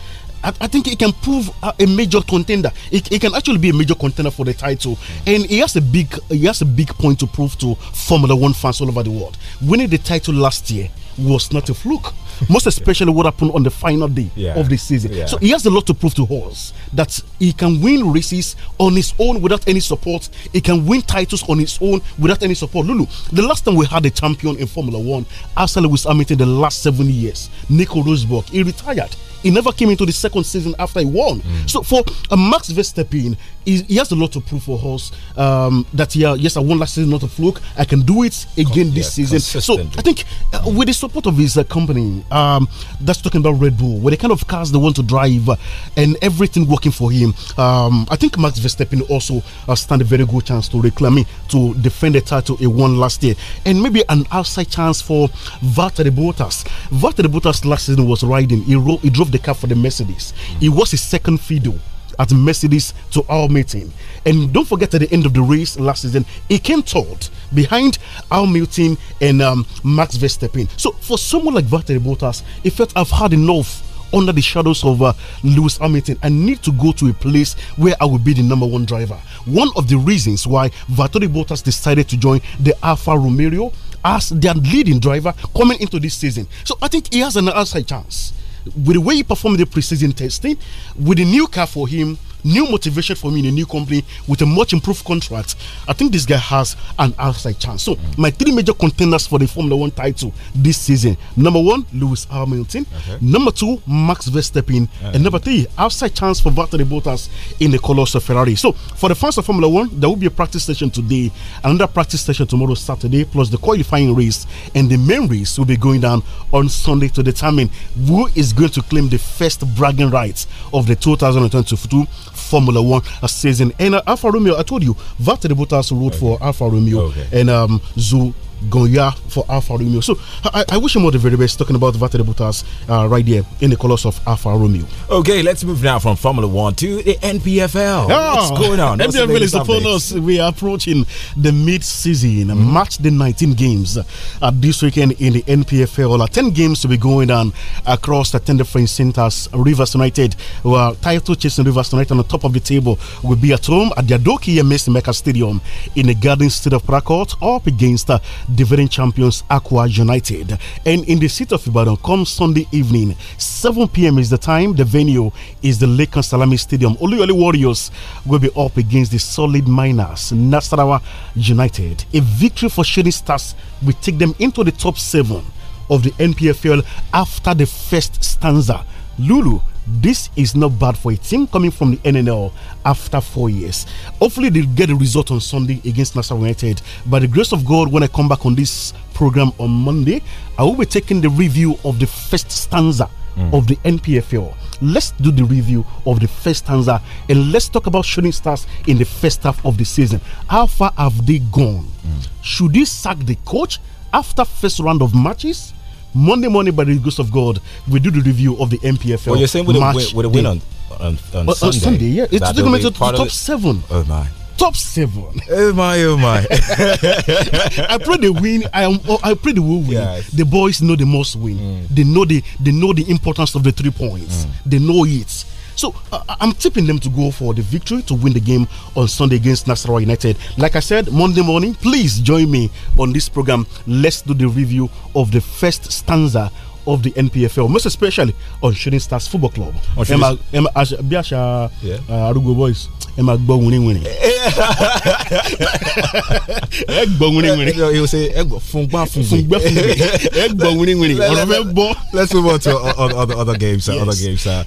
I, think he can prove a major contender. It he, can actually be a major contender for the title, and he has a big he has a big point to prove to Formula One fans all over the world. Winning the title last year was not a fluke most especially what happened on the final day yeah. of the season. Yeah. So he has a lot to prove to us that he can win races on his own without any support. He can win titles on his own without any support. Lulu, the last time we had a champion in Formula One, after Lewis Hamilton, the last seven years, Nico Rosberg, he retired. He never came into the second season after he won. Mm. So for uh, Max Verstappen, he, he, has a lot to prove for us. Um, that yeah, yes, I won last season, not a fluke. I can do it again Con this yeah, season. So I think uh, with the support of his uh, company, um, that's talking about Red Bull, with the kind of cars they want to drive uh, and everything working for him. Um, I think Max Verstappen also uh, stand a very good chance to reclaim it, to defend the title he won last year, and maybe an outside chance for Valtteri Bottas. Valtteri Bottas last season was riding. He, he drove the car for the Mercedes. It was his second fiddle at Mercedes to our meeting. And don't forget at the end of the race last season, he came third behind our meeting and um, Max Verstappen. So for someone like Valtteri Bottas, he felt I've had enough under the shadows of uh, Lewis Hamilton. I need to go to a place where I will be the number one driver. One of the reasons why Valtteri Bottas decided to join the Alfa Romeo as their leading driver coming into this season. So I think he has an outside chance with the way he performed the preseason testing, with the new car for him, new motivation for me in a new company with a much improved contract. I think this guy has an outside chance. So, my three major contenders for the Formula One title this season number one, Lewis Hamilton, okay. number two, Max Verstappen, and number three, outside chance for Valtteri Bottas in the Colossal Ferrari. So, for the fans of Formula One, there will be a practice session today, another practice session tomorrow, Saturday, plus the qualifying race, and the main race will be going down on Sunday to determine who is going to claim the first bragging rights of the 2022 Formula One season. And uh, Alfa Romeo, I told you, Valtteri Bottas to okay. for Alfa Romeo, okay. and um, Zu Goya for Alfa Romeo. So I, I, wish him all the very best talking about Valtteri Bottas uh, right there in the colours of Alfa Romeo. Okay, let's move now from Formula One to the NPFL. Oh, What's going on? NPFL is upon us. We are approaching the mid-season mm -hmm. match, the 19 games uh, this weekend in the NPFL. Uh, 10 games to be going on across the 10 different centres. Rivers United, who are title chasing Rivers United on the top of the table, will be at home at the Adoki MS Mecca Stadium in the Garden State of Prakot up against uh, defending champions Aqua United. And in the city of Ibadan, come Sunday evening, 7 p.m. is the time. The venue is the Lake and Salami Stadium. Oluyole Warriors will be up against the solid miners, Nasarawa United. A victory for Shooting Stars will take them into the top seven of the NPFL after the first stanza. Lulu this is not bad for a team coming from the NNL after four years. Hopefully, they get a result on Sunday against Nassau United. By the grace of God, when I come back on this program on Monday, I will be taking the review of the first stanza mm. of the NPFL. Let's do the review of the first stanza and let's talk about shooting stars in the first half of the season. How far have they gone? Mm. Should they sack the coach after first round of matches? Monday morning, by the grace of God, we do the review of the MPFL. Well, you're saying with, match a, with a win on, on, on uh, Sunday, Sunday, yeah. It's going to make the top seven. Oh, my top seven. Oh my, oh my! I pray they win. I am. Oh, I pray they will win. Yes. The boys know they must win. Mm. They know the. They know the importance of the three points. Mm. They know it. So uh, I'm tipping them to go for the victory to win the game on Sunday against Nasarawa United. Like I said, Monday morning, please join me on this program. Let's do the review of the first stanza of the NPFL, most especially on Shooting Stars Football Club. Emma, Emma, Asha, Biasha, yeah. uh, Arugo Boys. ẹ máa gbọ́ winning winning. ẹ gbọ́ winning winning. ẹ yóò ṣe ẹ fun fúngbà fun fúngbà fun ẹ gbọ́ winning winning ọ̀rọ̀ fẹ́ bọ́. let's move on to other, other games. Yes. other games uh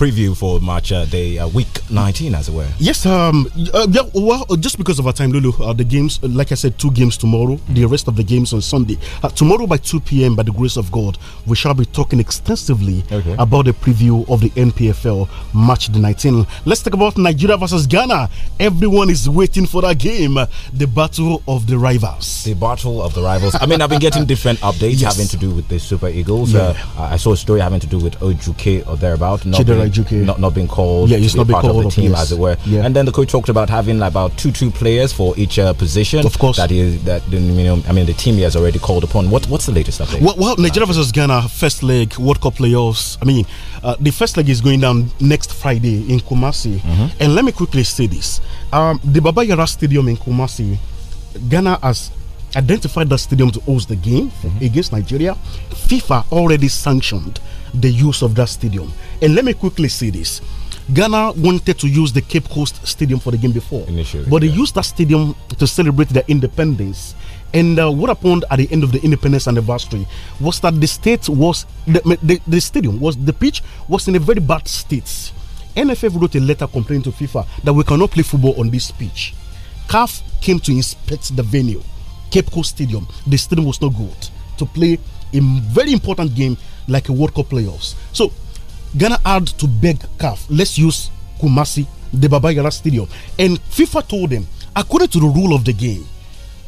preview for match uh, day uh, week 19, as it were. Yes, um, uh, yeah, well, uh, just because of our time, Lulu, uh, the games, uh, like I said, two games tomorrow, mm -hmm. the rest of the games on Sunday. Uh, tomorrow by 2 p.m., by the grace of God, we shall be talking extensively okay. about the preview of the NPFL match day 19. Let's talk about Nigeria versus Ghana. Everyone is waiting for that game, the battle of the rivals. The battle of the rivals. I mean, I've been getting different updates yes. having to do with the Super Eagles. Yeah. I saw a story having to do with Ojuke or thereabout. Not not not being called. Yeah, he's not being part called of the team as it were. Yeah. And then the coach talked about having about two two players for each uh, position. Of course. That is that you know I mean the team he has already called upon. What what's the latest update? Well, well Nigeria versus Ghana first leg World Cup playoffs. I mean uh, the first leg is going down next Friday in Kumasi. Mm -hmm. And let me quickly say this: um, the Baba Yara Stadium in Kumasi, Ghana has identified that stadium to host the game mm -hmm. against Nigeria. FIFA already sanctioned the use of that stadium. And let me quickly say this. Ghana wanted to use the Cape Coast Stadium for the game before, Initially, but they yeah. used that stadium to celebrate their independence. And uh, what happened at the end of the independence anniversary was that the state was the, the, the stadium was the pitch was in a very bad state. NFF wrote a letter complaining to FIFA that we cannot play football on this pitch. CAF came to inspect the venue, Cape Coast Stadium. The stadium was not good to play a very important game like a World Cup playoffs. So Ghana had to beg CAF, let's use Kumasi, the Baba Yara Stadium. And FIFA told them, according to the rule of the game,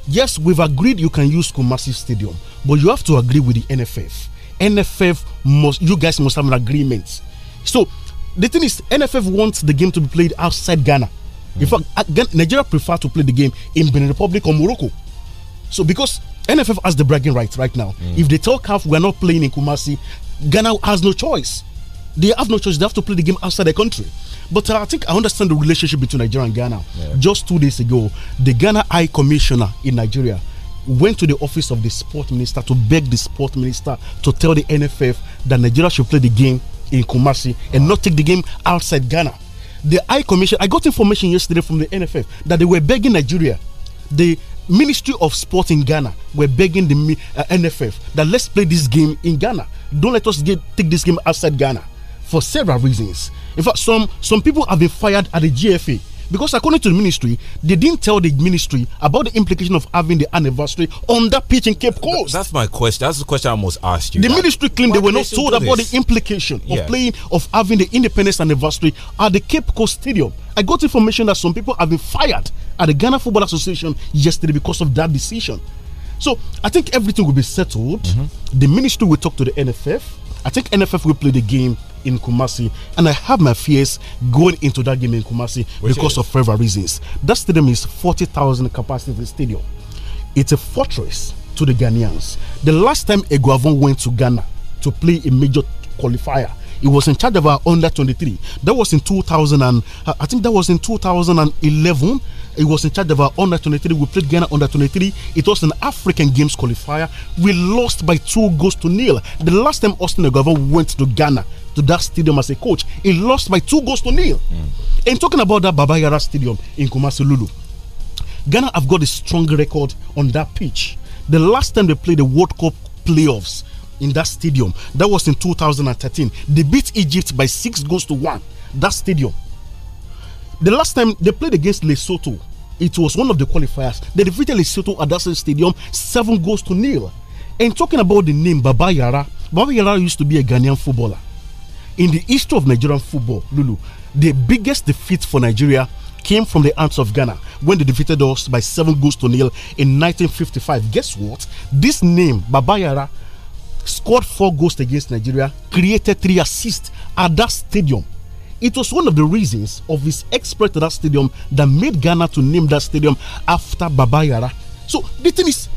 yes, we've agreed you can use Kumasi Stadium, but you have to agree with the NFF. NFF must, you guys must have an agreement. So the thing is, NFF wants the game to be played outside Ghana. Mm. In fact, Nigeria prefer to play the game in Benin Republic or Morocco. So because NFF has the bragging rights right now. Mm. If they tell CAF we're not playing in Kumasi, Ghana has no choice. They have no choice. They have to play the game outside the country. But uh, I think I understand the relationship between Nigeria and Ghana. Yeah. Just two days ago, the Ghana High Commissioner in Nigeria went to the office of the sport minister to beg the sport minister to tell the NFF that Nigeria should play the game in Kumasi and not take the game outside Ghana. The High Commissioner, I got information yesterday from the NFF that they were begging Nigeria. They Ministry of Sport in Ghana were begging the uh, NFF that let's play this game in Ghana. Don't let us get, take this game outside Ghana for several reasons. In fact, some some people have been fired at the GFA because according to the ministry, they didn't tell the ministry about the implication of having the anniversary on that pitch in Cape Coast. Th that's my question. That's the question I must ask you. The like, ministry claimed they were not told about the implication of playing of having the independence anniversary at the Cape Coast Stadium. I got information that some people have been fired at the Ghana Football Association yesterday because of that decision. So I think everything will be settled. Mm -hmm. The ministry will talk to the NFF. I think NFF will play the game in Kumasi, and I have my fears going into that game in Kumasi Which because is? of several reasons. That stadium is 40,000 capacity stadium. It's a fortress to the Ghanaians. The last time Eguavon went to Ghana to play a major qualifier, he was in charge of our under 23. That was in 2000 and I think that was in 2011 he was in charge of our under 23. We played Ghana under 23. It was an African Games qualifier. We lost by two goals to nil. The last time Austin Agava went to Ghana to that stadium as a coach, he lost by two goals to nil. Mm. And talking about that Baba Yara Stadium in Kumasi Lulu, Ghana have got a strong record on that pitch. The last time they played the World Cup playoffs in that stadium, that was in 2013. They beat Egypt by six goals to one. That stadium the last time they played against Lesotho, it was one of the qualifiers. They defeated Lesotho at Dasen Stadium seven goals to nil. And talking about the name Baba Yara, Baba Yara used to be a Ghanaian footballer. In the history of Nigerian football, Lulu, the biggest defeat for Nigeria came from the arms of Ghana when they defeated us by seven goals to nil in 1955. Guess what? This name, Baba Yara, scored four goals against Nigeria, created three assists at that stadium. It was one of the reasons of his exploit at that stadium that made Ghana to name that stadium after Babayara. So the thing is,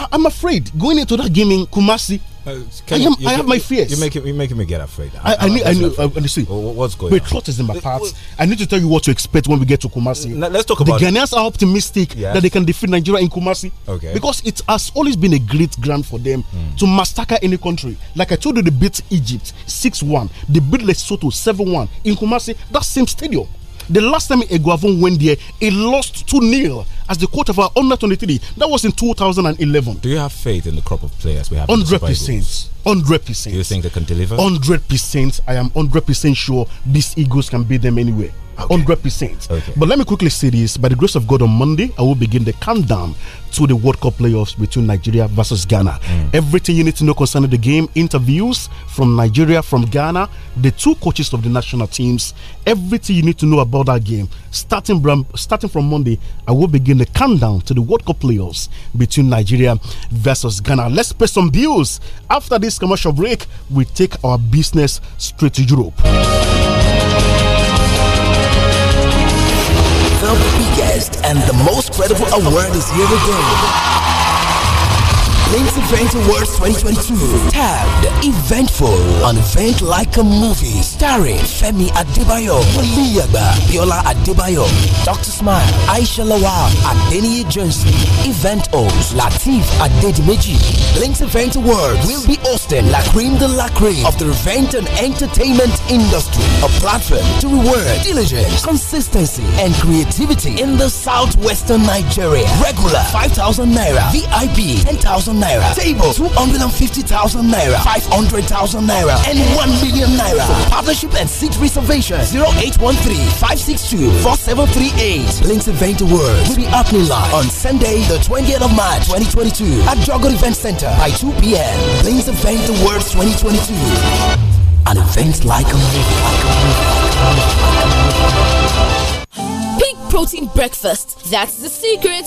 I, am afraid going into that game in Kumasi. Uh, I, am, you, I have my fears. You're making, you're making me get afraid. I, I, I need, I need, I What's going Wait, on? Trot is in my part. I need to tell you what to expect when we get to Kumasi. L let's talk about The Ghanaians it. are optimistic yes. that they can defeat Nigeria in Kumasi. Okay. Because it has always been a great ground for them mm. to massacre any country. Like I told you, they beat Egypt 6 1, they beat Lesotho 7 1 in Kumasi, that same stadium. The last time Eguavon went there, he lost 2 0 as the coach of our under 23. That was in 2011. Do you have faith in the crop of players we have? 100%. 100%. Do you think they can deliver? 100%. I am 100% sure these Eagles can beat them anywhere. 100 okay. percent. But let me quickly say this: by the grace of God, on Monday I will begin the countdown to the World Cup playoffs between Nigeria versus Ghana. Mm. Everything you need to know concerning the game, interviews from Nigeria, from Ghana, the two coaches of the national teams, everything you need to know about that game. Starting from starting from Monday, I will begin the countdown to the World Cup playoffs between Nigeria versus Ghana. Let's pay some bills. After this commercial break, we take our business straight to Europe. biggest and the most credible award is here again. 2020 Words 2022. Tagged Eventful. An event like a movie. Starring Femi Adebayo, Oliyagba, Biola Adebayo, Dr. Smile, Aisha Lawal, Adeniyi Johnson. Event host Latif Adedimeji. Links Event Awards will be Austin, La Cream de la Cream of the event and entertainment industry. A platform to reward diligence, consistency, and creativity in the southwestern Nigeria. Regular 5,000 Naira. VIP 10,000 naira. Tables, 250,000 naira, 500,000 naira, and 1 million naira. partnership and seat reservation, 0813-562-4738. Links Event world will be happening live on Sunday, the 20th of March, 2022 at Jogger Event Center by 2 p.m. Links Event world 2022. An event like a movie. protein breakfast. That's the secret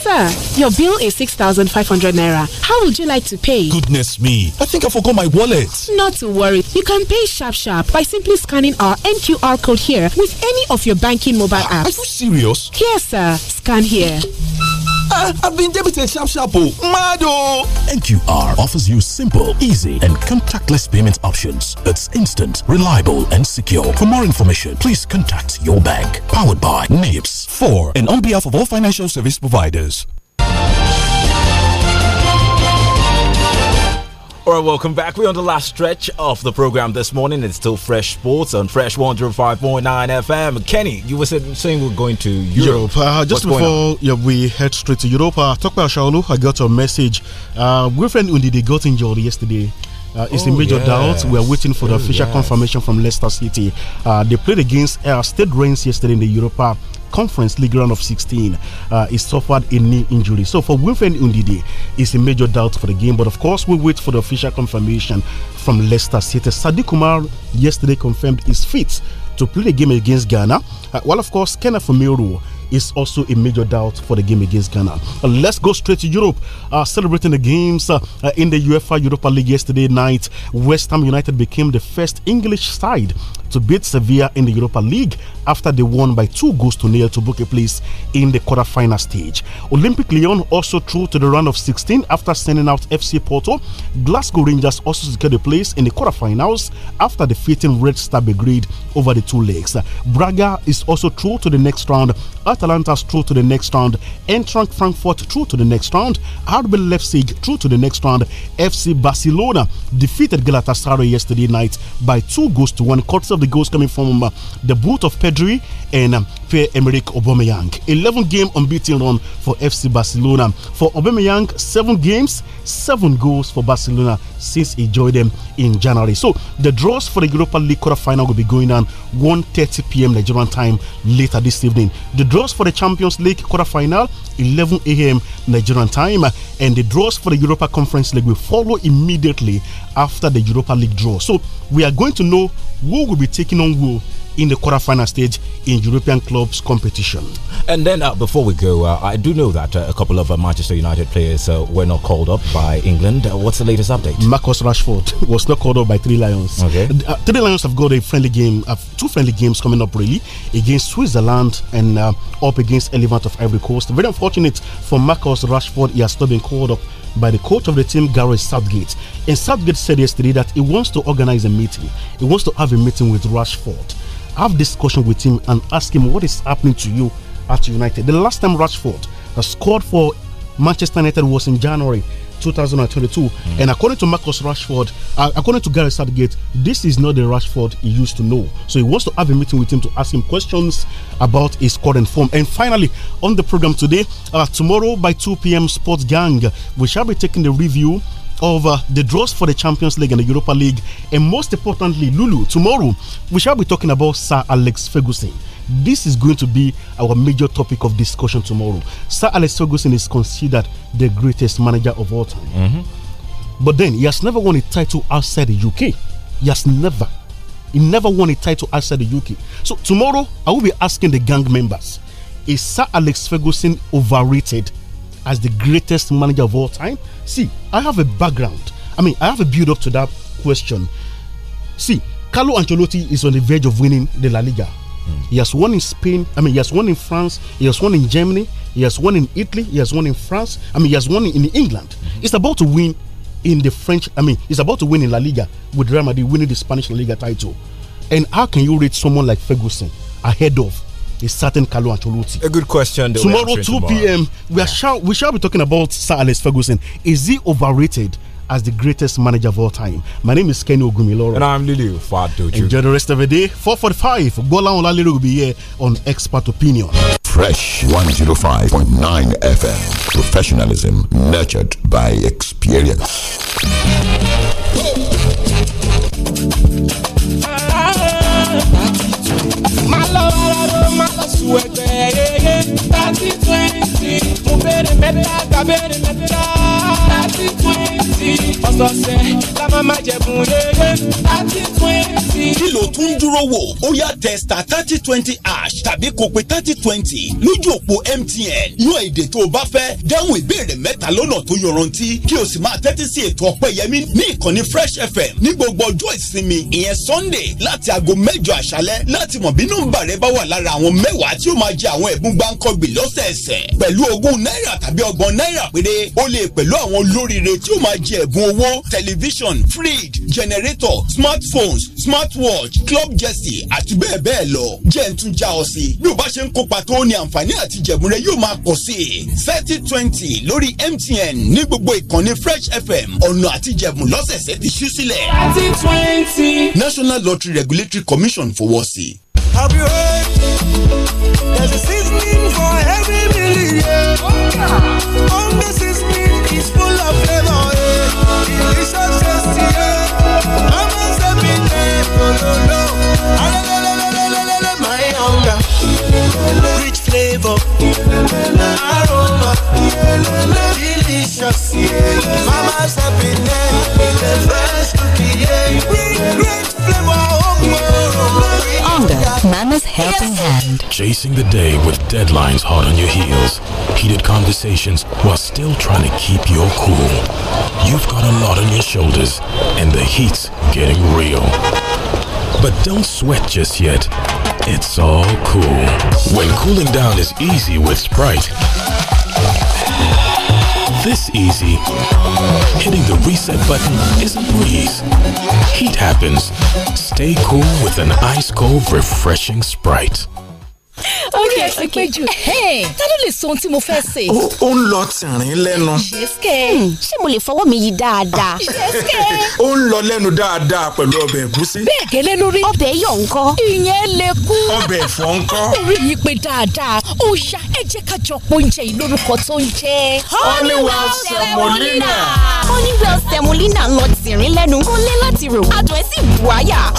Sir, your bill is 6,500 naira. How would you like to pay? Goodness me, I think I forgot my wallet. Not to worry, you can pay Sharp Sharp by simply scanning our NQR code here with any of your banking mobile apps. Are you serious? Yes, sir. Scan here. Ah, I, have been debited sharp sharp oh. Mado. Oh. NQR offers you simple, easy and contactless payment options. It's instant, reliable and secure. For more information, please contact your bank. Powered by NIPS 4 and on behalf of all financial service providers. All right, welcome back. We're on the last stretch of the program this morning. It's still Fresh Sports on Fresh 105.9 FM. Kenny, you were saying we're going to Europe. Europe. Uh, just What's before yeah, we head straight to Europe, uh, talk about Shaolu. I got a message. Uh, boyfriend Undidi got injured yesterday. Uh, it's oh, a major yes. doubt. We are waiting for the oh, official yes. confirmation from Leicester City. Uh, they played against uh, State Reigns yesterday in the Europa Conference League round of 16, uh, he suffered a knee injury. So for Wilfred Undidi, it's a major doubt for the game. But of course, we wait for the official confirmation from Leicester City. Sadiq Kumar yesterday confirmed his fit to play the game against Ghana. Uh, of course, Kenneth Omeru is also a major doubt for the game against Ghana. Uh, let's go straight to Europe, uh, celebrating the games uh, uh, in the UEFA Europa League yesterday night. West Ham United became the first English side to beat Sevilla in the Europa League after they won by two goals to nil to book a place in the quarter-final stage. Olympic Lyon also through to the round of 16 after sending out FC Porto. Glasgow Rangers also secured a place in the quarter-finals after defeating Red Star Belgrade over the two legs. Braga is also through to the next round at Atalanta's through to the next round. Eintracht Frankfurt through to the next round. RB Leipzig through to the next round. FC Barcelona defeated Galatasaray yesterday night by two goals to one. Courtesy of the goals coming from uh, the boot of Pedri and um, Pierre-Emerick Aubameyang. 11 game unbeaten run for FC Barcelona. For Aubameyang, 7 games, 7 goals for Barcelona since he joined them in January. So the draws for the Europa League quarter-final will be going on 1.30 p.m. Nigerian time later this evening. The draws for the Champions League quarter-final 11 a.m. Nigerian time, and the draws for the Europa Conference League will follow immediately after the Europa League draw. So we are going to know who will be taking on who in the quarterfinal stage in European clubs competition. And then uh, before we go, uh, I do know that uh, a couple of uh, Manchester United players uh, were not called up by England. Uh, what's the latest update? Marcus Rashford was not called up by Three Lions. Okay. Three Lions have got a friendly game, two friendly games coming up really against Switzerland and up against Elephant of Ivory Coast. Very unfortunate for Marcus Rashford, he has not been called up by the coach of the team, Gareth Southgate. And Southgate said yesterday that he wants to organize a meeting. He wants to have a meeting with Rashford have discussion with him and ask him what is happening to you at United. The last time Rashford scored for Manchester United was in January 2022. Mm. And according to Marcus Rashford, uh, according to Gary Southgate, this is not the Rashford he used to know. So he wants to have a meeting with him to ask him questions about his current form. And finally, on the program today, uh, tomorrow by 2 p.m. Sports Gang, we shall be taking the review of uh, the draws for the Champions League and the Europa League. And most importantly, Lulu, tomorrow we shall be talking about Sir Alex Ferguson. This is going to be our major topic of discussion tomorrow. Sir Alex Ferguson is considered the greatest manager of all time. Mm -hmm. But then he has never won a title outside the UK. He has never. He never won a title outside the UK. So tomorrow I will be asking the gang members is Sir Alex Ferguson overrated as the greatest manager of all time? See, I have a background. I mean, I have a build up to that question. See, Carlo Ancelotti is on the verge of winning the La Liga. Mm. He has won in Spain. I mean, he has won in France. He has won in Germany. He has won in Italy. He has won in France. I mean, he has won in England. Mm -hmm. He's about to win in the French. I mean, he's about to win in La Liga with Real Madrid winning the Spanish La Liga title. And how can you rate someone like Ferguson ahead of a certain Ancelotti? A good question. Tomorrow, 2 p.m., we, yeah. shall, we shall be talking about Sir Alex Ferguson. Is he overrated? As the greatest manager of all time. My name is Kenny Ogumiloro. And I'm Lily Fadoju. Enjoy the rest of the day. 445. Gola Olalere will be here on Expert Opinion. Fresh 105.9 FM. Professionalism nurtured by experience. My love mama su ẹgbẹ́ yeye. thirty twenty mo béèrè mẹ́ta gbà béèrè mẹ́ta. 20. twenty ọ̀sọ̀ọ̀sẹ̀ la máa máa jẹ̀bùn rere thirty twenty. kí ló tún ń dúró wò ó yá testa thirty twenty ash tàbí kó pe thirty twenty lójú òpó MTN yan èdè tó o bá fẹ́ dáhùn ìbéèrè mẹ́ta lọ́nà tó yọrantí kí o sì máa tẹ́tí sí ètò ọpẹ́yẹmí ní ìkànnì Fresh FM ní gbogbo ọjọ́ ìsinmi ìyẹn Sunday láti aago mẹ́jọ àṣálẹ́ láti mọ̀ bí nọ́mbà rẹ bá wà lára àwọn mẹ́wàá tí ó máa jẹ àwọn ẹ̀bùn gbáǹkọ́gbì lọ́sẹ̀ẹsẹ̀ pẹ̀lú ogún náírà tàbí ọgbọ̀n náírà péré o lè pẹ̀lú àwọn olóríire tí ó máa jẹ jẹ ẹ̀bùn owó tẹlifíṣàn fridge generator smartphones smartwatch club jersey àti bẹ́ẹ̀ bẹ́ẹ̀ lọ jẹ́ ń tún já ọ sí bí o bá ṣe ń kópa tó ní àǹfààní àti jẹ̀bùn rẹ yóò máa pọ̀ sí thirty twenty lórí MTN ní gbogbo ìkànnì Fresh FM ọ̀nà àti jẹ̀bùn lọ́sẹ̀ẹ̀sẹ̀ ti ṣú sílẹ̀. thirty twenty. National Lottery Regulatory Commission fọwọ́ sí i. Happy birthday, there's a seasoning for every meal. Oh, yeah. Oh, the seasoning is full of flavor. my hunger. Rich flavor, aroma, delicious. Mama's Mama's Helping Hand. Chasing the day with deadlines hard on your heels. Heated conversations while still trying to keep your cool. You've got a lot on your shoulders, and the heat's getting real. But don't sweat just yet. It's all cool. When cooling down is easy with Sprite, this easy, hitting the reset button is a breeze. Heat happens. Stay cool with an ice cold, refreshing Sprite. orí ẹ̀ ti pé jù ta ló lè sọ ohun tí mo fẹ́ ṣe. ó ń lọ tìrín lẹ́nu. Hmm, ṣé mo lè fọwọ́ mi yí dáadáa. ó ń lọ lẹ́nu dáadáa pẹ̀lú ọbẹ̀ ẹ̀gúsí. bẹ́ẹ̀ gẹ́lẹ́ lórí. ọbẹ̀ yọ̀ ńkọ́. ìyẹn lè kú. ọbẹ̀ ẹ̀fọ́ ńkọ́. orí yìí pé dáadáa ó yá ẹ ká jọ oúnjẹ yìí lórúkọ tó ń jẹ́. honeywell semolina. honeywell semolina ń lọ tìrín lẹ́nu kó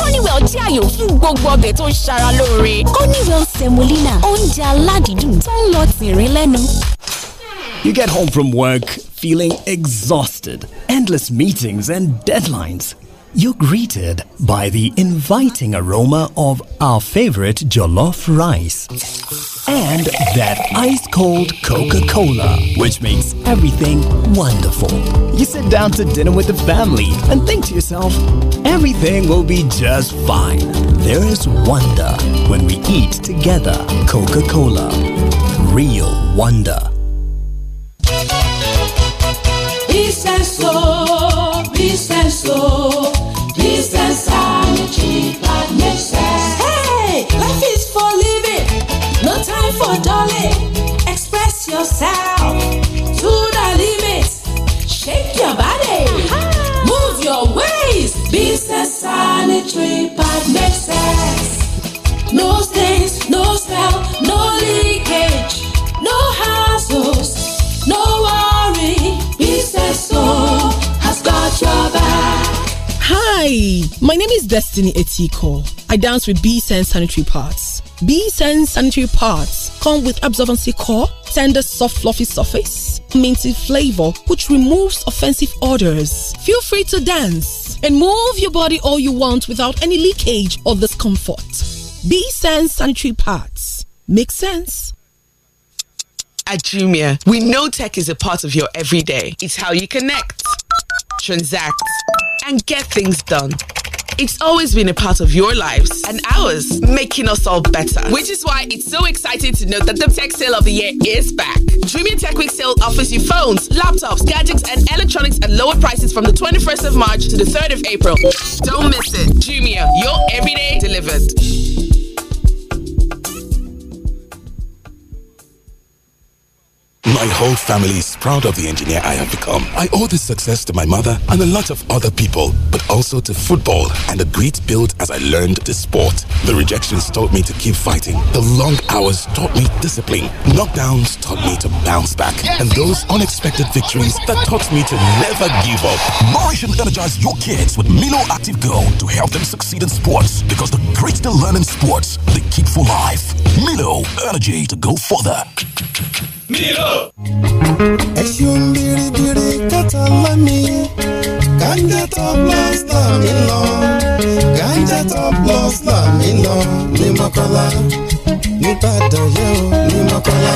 honeywell jẹ́ àyò fún gbogbo ọbẹ̀ tó honeywell semolina oúnjẹ aládìídùn tó ń lọ tìrín lẹ́nu. You get home from work feeling exhausted, endless meetings and deadlines. You're greeted by the inviting aroma of our favorite jollof rice and that ice cold Coca Cola, which makes everything wonderful. You sit down to dinner with the family and think to yourself, everything will be just fine. There is wonder when we eat together Coca Cola. Real wonder. Hey, life is for darling, express yourself to the limit. Shake your body, move your waist. Business sanitary pad makes sense. No stains, no smell, no leakage, no hassles, no worry. Business soul has got your back. Hi, my name is Destiny Etiko. I dance with B Sense Sanitary Parts. B10 sanitary pads come with absorbency core, tender soft fluffy surface, minty flavor which removes offensive odors. Feel free to dance and move your body all you want without any leakage or discomfort. B10 sanitary pads. Make sense? At Jumia, we know tech is a part of your everyday. It's how you connect, transact, and get things done. It's always been a part of your lives and ours, making us all better. Which is why it's so exciting to note that the tech sale of the year is back. Jumia Tech Week sale offers you phones, laptops, gadgets, and electronics at lower prices from the 21st of March to the 3rd of April. Don't miss it. Jumia, your everyday delivered. My whole family is proud of the engineer I have become. I owe this success to my mother and a lot of other people, but also to football and the great build as I learned the sport. The rejections taught me to keep fighting. The long hours taught me discipline. Knockdowns taught me to bounce back. And those unexpected victories that taught me to never give up. Nourish and energize your kids with Milo Active Go to help them succeed in sports because the grit they learn in sports, they keep for life. Milo, energy to go further. Milo! ẹ ṣeun biribiri kẹta lẹ́mí ganja top loss là mí lọ ganja top loss là mi lọ ní mọ́kànlá nìbàdàn yẹn ò ní mọ́kànlá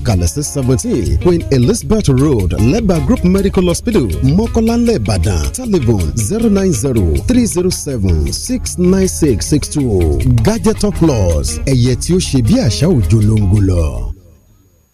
ìkàlẹ̀sí seventeen Queen Elizabeth Road Leba Group Medical Hospital Mọ́kọ́lánlẹ̀ Ìbàdàn telephone zero nine zero three zero seven six nine six six two Gadgetor Plus ẹ̀yẹ tí ó ṣe bí àṣà òjò ló ń gò lọ.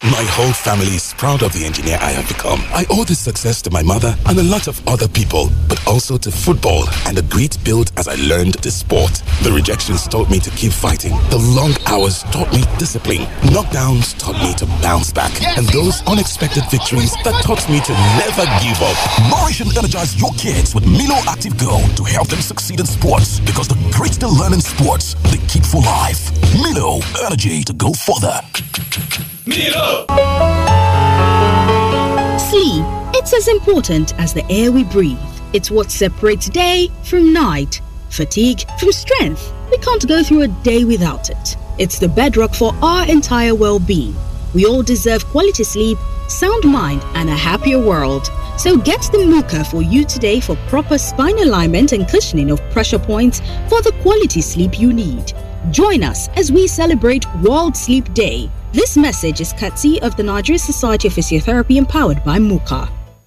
My whole family is proud of the engineer I have become. I owe this success to my mother and a lot of other people, but also to football and the great build as I learned the sport. The rejections taught me to keep fighting. The long hours taught me discipline. Knockdowns taught me to bounce back. And those unexpected victories that taught me to never give up. Nourish and energize your kids with Milo Active Go to help them succeed in sports because the grit they learn in sports, they keep for life. Milo, energy to go further. Milo! Sleep. It's as important as the air we breathe. It's what separates day from night, fatigue from strength. We can't go through a day without it. It's the bedrock for our entire well being. We all deserve quality sleep, sound mind, and a happier world. So get the Mooka for you today for proper spine alignment and cushioning of pressure points for the quality sleep you need. Join us as we celebrate World Sleep Day this message is courtesy of the Nigeria Society of Physiotherapy empowered by MUCA.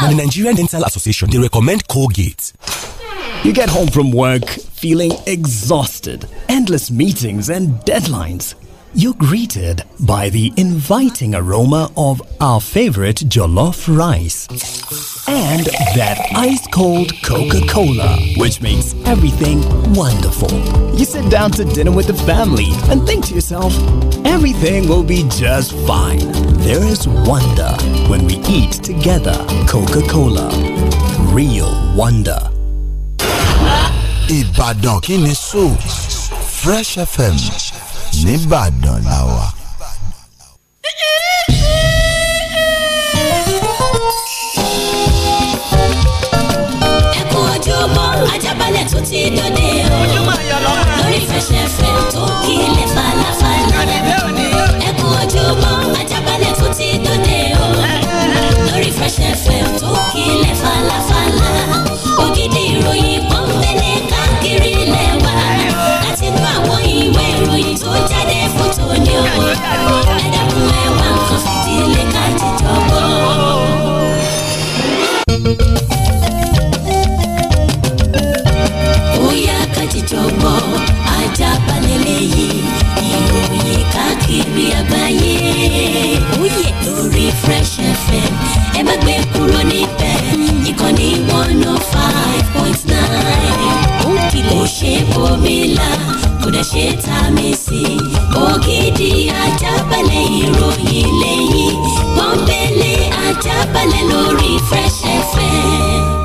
Now, the Nigerian Dental Association, they recommend Colgate. You get home from work feeling exhausted, endless meetings and deadlines. You're greeted by the inviting aroma of our favorite jollof rice and that ice cold Coca Cola, which makes everything wonderful. You sit down to dinner with the family and think to yourself, everything will be just fine. There is wonder when we eat together Coca Cola. Real wonder. Ìbàdàn kí ni so Fresh FM nìbàdàn la wà. ẹkún ojúmọ́ ajábalẹ̀ tó ti dòde o lórí Fresh FM tó kílẹ̀ falafala ẹkún ojúmọ́. ilẹ̀ falafala ògidì ìròyìn kan ń fẹ́lẹ̀ káàkiri ilẹ̀ wa láti inú àwọn ìwé ìròyìn tó jáde fún tòní o ẹ dákun nǹkan fìdílé ká jíjọ bóyá ká jíjọ ajá balẹ̀ lẹ́yìn ìròyìn káàkiri àgbáyé lórí Fresh FM ẹ má gbé kú one oh five point nine. ó kìlẹ̀ ó ṣe bòmílà kódà ṣe tá a mi sí. ògidì ajábalẹ̀ ìròyìn lẹ́yìn pọ́npẹ́lẹ́ ajábalẹ̀ lórí Fresh FM.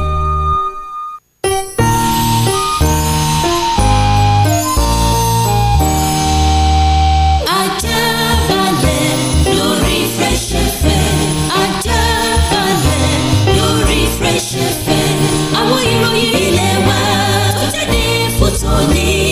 如你。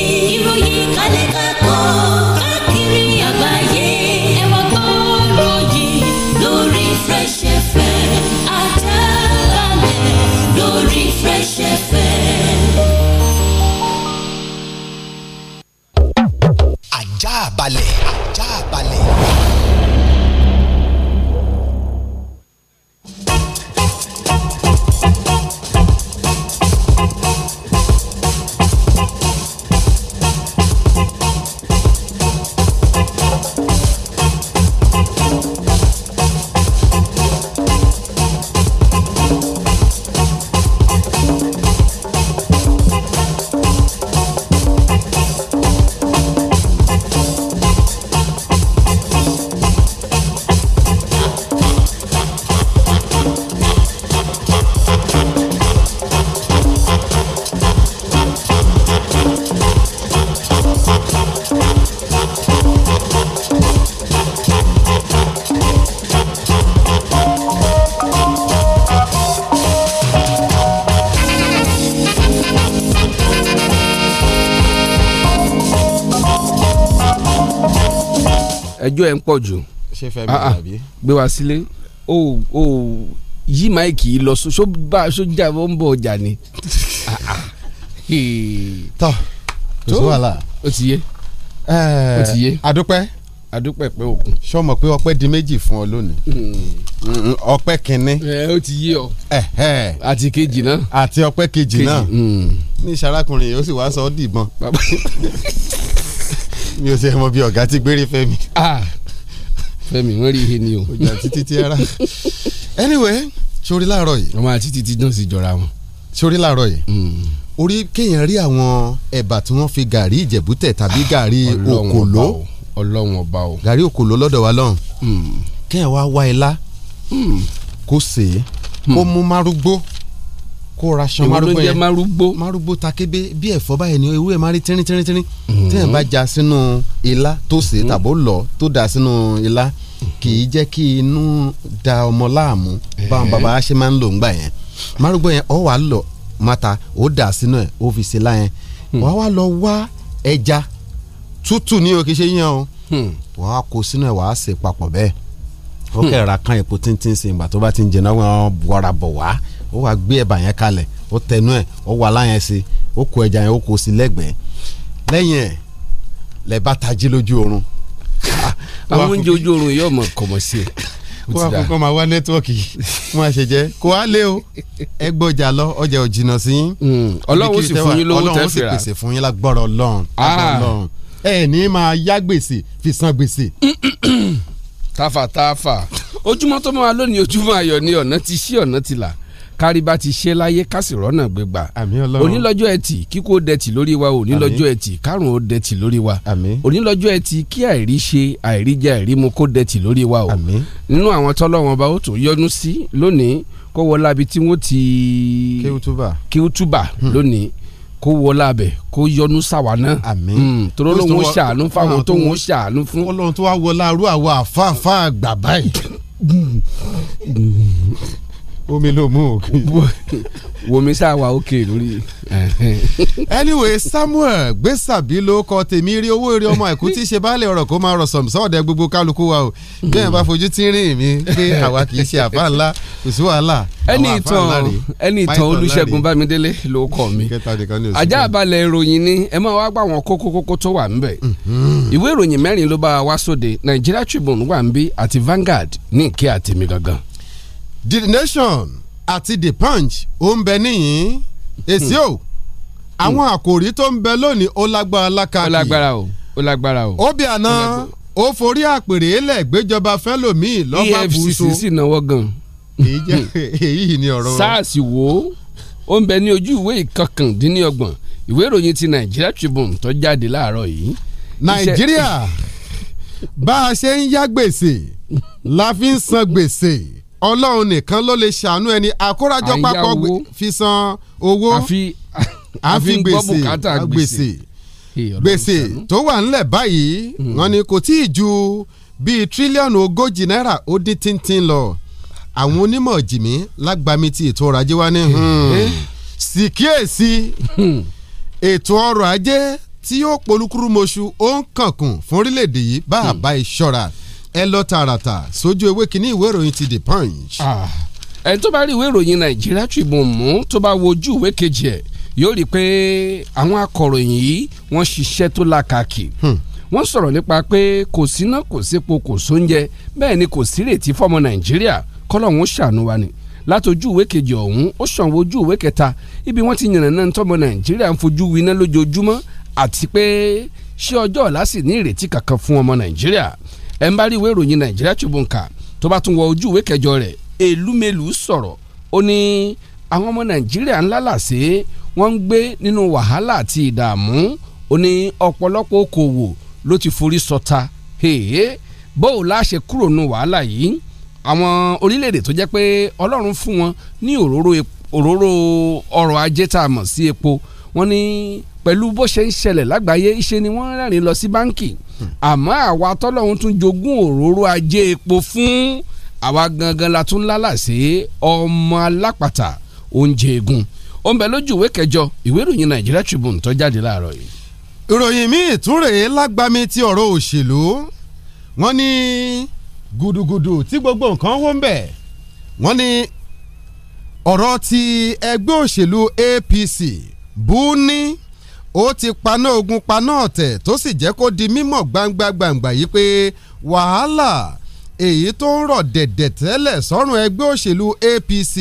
ẹjọ́ ẹ̀ ń pọ̀ jù. ṣé fẹ́ mi ah, ah. àbí. gbé wa sílé o o yí máìkì yìí lọ sójà sójà ó ń bọ̀ ọjà ni. Ah, tọ́ kò sí wàhálà. ó ti yé. ó ti yé. adúpẹ́ adúpẹ́ pé òkun. sọmọ pé ọpẹ́ di méjì fún ọ lónìí. Hmm. Hmm, ọpẹ́ kínní. ẹ o. ti yé ọ. àti kejì náà. àti ọpẹ́ kejì náà. Hmm. ní ìsarakùnrin yìí ó sì wá sọ ọ́ dìbọn. mi ò tiẹ̀ mọ bí ọ̀gá ti gbére fẹ́mi. Ah, fẹ́mi wọ́n rí ihe ni o. ọjà títí ti ara anyway sórí láàárọ̀ yìí. ọmọ àti títí náà sì jọra wọn. sórí láàárọ̀ yìí hmm. orí kéèyàn rí àwọn ẹ̀bà tí wọ́n fi gàrí ìjẹ̀bútẹ̀ tàbí ah, gàrí òkòló ọlọ́run ọba o gàrí òkòló lọ́dọ̀ wa lọ́hùn hmm. kéèyàn wá wá ilá hmm. kó sè kó mú márúgbó kó raṣan márúgbó yẹn márúgbó márúgbó takebe bí ẹ̀fọ́ báyìí ni ewúrẹ́ máa rí tínrín tínrín tínrín mhm. téèyàn bá já sínú ilá tó sè é mhm. tàbó lọ tó dà sínú ilá kì í jẹ́ kí inú da ọmọ láàmú báwọn eh. bàbá ṣe máa ń lò ńgbà yẹn márúgbó yẹn ọ wà lọ mata ó dà sínú ẹ̀ ó fi ṣe láyẹn hmm. wà lọ wá ẹja tútù ní o kì í ṣe yẹn o hmm. wà á kó sínú ẹ̀ wà á sè papọ̀ bẹ́ẹ̀ ó hmm. kẹ́ra kan èpo tíntín sí ìgbà tó bá ti ń jẹ náà wọ́n bọ̀ wá ó wá gbé ẹ̀bà yẹn kalẹ̀ ó tẹnu ẹ̀ ó wà láyẹn sí ó kó ẹja yẹn ó kó sí lẹ́gbẹ̀ẹ́ lẹ́yìn ẹ̀ lẹ́ bá tají lójú oorun. Ah, àwọn oúnjẹ ojú oorun yóò mọ kọmọ sí ẹ. kó a kọ́kọ́ máa wá nẹ́tíwọ́ọ̀kì máa ṣe jẹ́ kó a lé o ẹ gbọ́jà lọ ọjà ò jìnnà sí yín. Hmm, ọlọ́run sì fún yín lówó tẹ́ fìrà ọlọ́run sì pèsè fún yín lágbọ́rọ̀ ah. ọlọ́run ẹ ní máa yá gbèsè fi san gbèsè. tafàtafà ojúmọ́ tó máa lónìí ojúmọ́ ayọ̀ ni ọ̀nà ti ṣí ọ̀nà ti là kárí bá ti ṣe láyé kásì rọ́nà gbégbà onílọ́jọ́ ẹtì kíkó dẹ̀tì lórí wa onílọ́jọ́ ẹtì kárùn ó dẹ̀tì lórí wa onílọ́jọ́ ẹtì kí àìrí ṣe àìrí jẹ àìrí mu kó dẹ̀tì lórí wa o nínú àwọn tọ́lọ́wọ́n bá ó tún yọnu sí lónìí kó wọlé abi tí wọ́n ti kíútúbà hmm. lónìí kó wọlé abẹ kó yọnu sáwa náà àmín hmm. tóró lóun ó ṣàánú fáwọn tóun ó ṣàánú fún. Ọlọ́run tó wá wọlé arú àwọn àfáàfáà gbà báyìí. omi ló mú òkè. wòmí sá wa òkè lórí. anyway samuel gbèsàbí ló kọ tèmi rí owó eré ọmọ àìkú tí ṣe báàlẹ̀ ọ̀rọ̀ kó máa rọ̀ sọ̀mùsọ̀ ọ̀dẹ gbogbo kálukú wa o bí ẹ̀ bá fojú tí ń rìn mí pé àwa kì í ṣe àfa ńlá kò sí wàhálà. ẹni ìtàn ẹni ìtàn olúṣẹ̀gun bámidélé ló kọ mi ajá balẹ̀ ìròyìn ni ẹ máa wá gbà wọn kókó kókó tó wà ńbẹ̀ mhm. ìwé ìròyìn mẹ́rin ló bá wa sóde Nigeria Tribune wà ń bí àti Vanguard ní ìkẹ́ àtẹ̀mí gangan the nation àti the punch ó ń bẹ níyìn èsì o àwọn àkòrí tó ń bẹ lónìí ó lágbára lákàkì ó lágbára o ó lágbára o ó bí àná ó forí àpèrè lẹ̀ gbéjọba fẹ́lòmíì lọ́ba e bùsùn EFCC sì náwó gan. èyí ni ọ̀rọ̀ SARS wo ó ń bẹ ní ojú ìwé ìkọkàndínlọ́gbọ̀n ìwé ìròyìn ti Nigeria Tribune tó jáde láàárọ̀ yìí. Nàìjíríà bá a ṣe ń yá gbèsè la fi ń san gbèsè ọlọ́run nìkan ló lè ṣàánú ẹni àkórajọ papọ̀ fi san owó àfi gbèsè gbèsè gbèsè tó wà ńlẹ̀ báyìí hmm. wọ́n ní kò tí ì ju bíi tírílíọ̀nù ogójì náírà ó dín tíntín lọ àwọn onímọ̀ jìmí lágbàmí ti ètò ọrọ̀ ajé wa ní síkíyèsí hmm, hmm. ètò ọrọ̀ ajé tí yóò polúkúrú mọ́ṣú ó ń kànkùn fún orílẹ̀-èdè yìí bá a bá iṣọ́ra. Hmm ẹ lọ tààràtà sójú ewé kínní ìwé ìròyìn ti The Punch. Ah, ẹni tó bá rí ìwé ìròyìn Nàìjíríà Tribune mú tó bá wojú ìwé kejì ẹ̀ yóò rí i pé àwọn akọ̀ròyìn yìí wọ́n ṣiṣẹ́ tó lákàkì. Hmm wọ́n sọ̀rọ̀ nípa pé kò síná kò sépo kò sóúnjẹ bẹ́ẹ̀ ni kò sírètí fọ́mọ nàìjíríà kọ́lọ́hún ṣàánú wa ni látọjú ìwé kejì ọ̀hún ó ṣàwọn ojú ìwé kẹta ibi wọ́n ti yànnàná tọ́mọ nàìjíríà ń fojú winá lójoojúmọ́ àti pé ṣé ọjọ́ ọ̀la sì ní ìrètí kankan fún ọmọ nàìjíríà ẹ̀ ń bá rí ìwé ìròyìn nàìjíríà Tribune kà tó bá tún wọ ojú ìwé kẹjọ rẹ̀ èlúmẹ̀lú sọ̀rọ̀ ó ní àwọn ọmọ nàìjíríà ńlá làṣẹ wọ́n ń gbé nínú wàhálà àti ìdààmú ó ní ọ̀pọ̀lọpọ̀ okòwò ló ti forí sọta bóò láṣẹ kúrò nù wàhálà yìí àwọn orílẹ̀-èdè tó jẹ́ pé ọlọ́run fún wọn ní òróró ọrọ̀ ajé tá a mọ̀ sí epo wọ́n ní pẹ̀lú bó ṣe ń ṣẹlẹ̀ lágbàáyé iṣẹ́ ni wọ́n rẹ́rìn lọ sí báńkì si àmọ́ àwa tọ́lọ́hún tún jogún òróró ajé epo fún àwa gangan la tún lálàsé ọmọ alápàtà oúnjẹ egun ó ń bẹ lójú ìwé kẹjọ ìwé ìròyìn Nigeria Tribune tó jáde láàárọ̀ yìí. ìròyìn mi ìtúrèé lágbàmí ti ọ̀rọ̀ òṣèlú wọ́n ní gudugudu tí gbogbo nǹkan wó bẹ̀ wọ́n ní ọ̀rọ̀ ti ẹgbẹ́ òṣèlú APC bú ní ó ti paná ogun paná ọ̀tẹ̀ tó sì jẹ́ kó di mímọ̀ gbangba gbangba yìí pé wàhálà èyí tó ń rọ̀ dẹ̀dẹ̀ tẹ́lẹ̀ sọ́rùn ẹgbẹ́ òṣèlú APC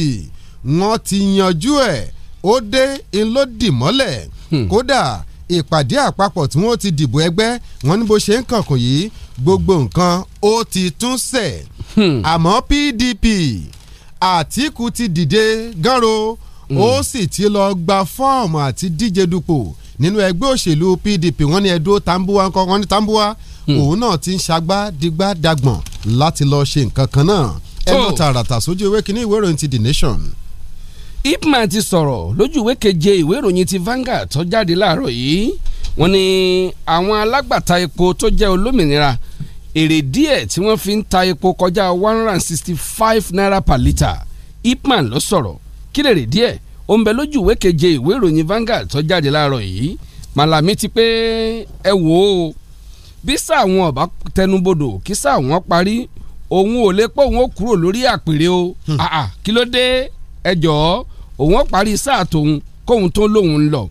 wọ́n ti yanjú ẹ̀ ó dé ń ló dì mọ́lẹ̀ hmm. kódà ìpàdé àpapọ̀ tí wọ́n ti dìbò ẹgbẹ́ wọn ní bó ṣe ń kànkùn yìí gbogbo nǹkan ó ti tún sẹ̀ hmm. àmọ́ PDP Àtíkù ti dìde gánro hmm. ó sì ti lọ gba fọ́ọ̀mù àti díje dupò nínú ẹgbẹ́ òṣèlú PDP wọ́n ní ẹ̀dó tambuwa ńkọ́ wọ́n ní tambuwa hmm. òun náà ti ń ṣagbá digbá dagbọ̀n láti lọ ṣe nǹkan kan náà ẹ lọ tààràtà sójú ìwé kínní ìwé ìròyìn ti The Nation. Ipman ti sọ̀rọ̀ lójú ìwé keje ìwé ìròyìn ti Vanguard tó jáde láàárọ̀ yìí wọ́n ní àwọn alágbàtà epo tó jẹ́ olómìnira èrè díẹ̀ tí wọ́n fi ń ta epo kọjá one hundred and sixty five naira per litre Ipman ló sọ̀rọ̀ kí lè rè díẹ̀ ó ń bẹ lójú ìwé keje ìwé ìròyìn Vanguard tó jáde láàárọ̀ yìí Malami ti pé ẹ wò ó bí sáà wọn ọba tẹnubodò kí sáà wọn parí òun ò lè pọ̀ òun ó kúrò lórí àpèrè o hmm. ah, ah, kí ló dé ẹ jọ̀ọ́ òun ó parí sáà tòun kóun tó lóun ń lọ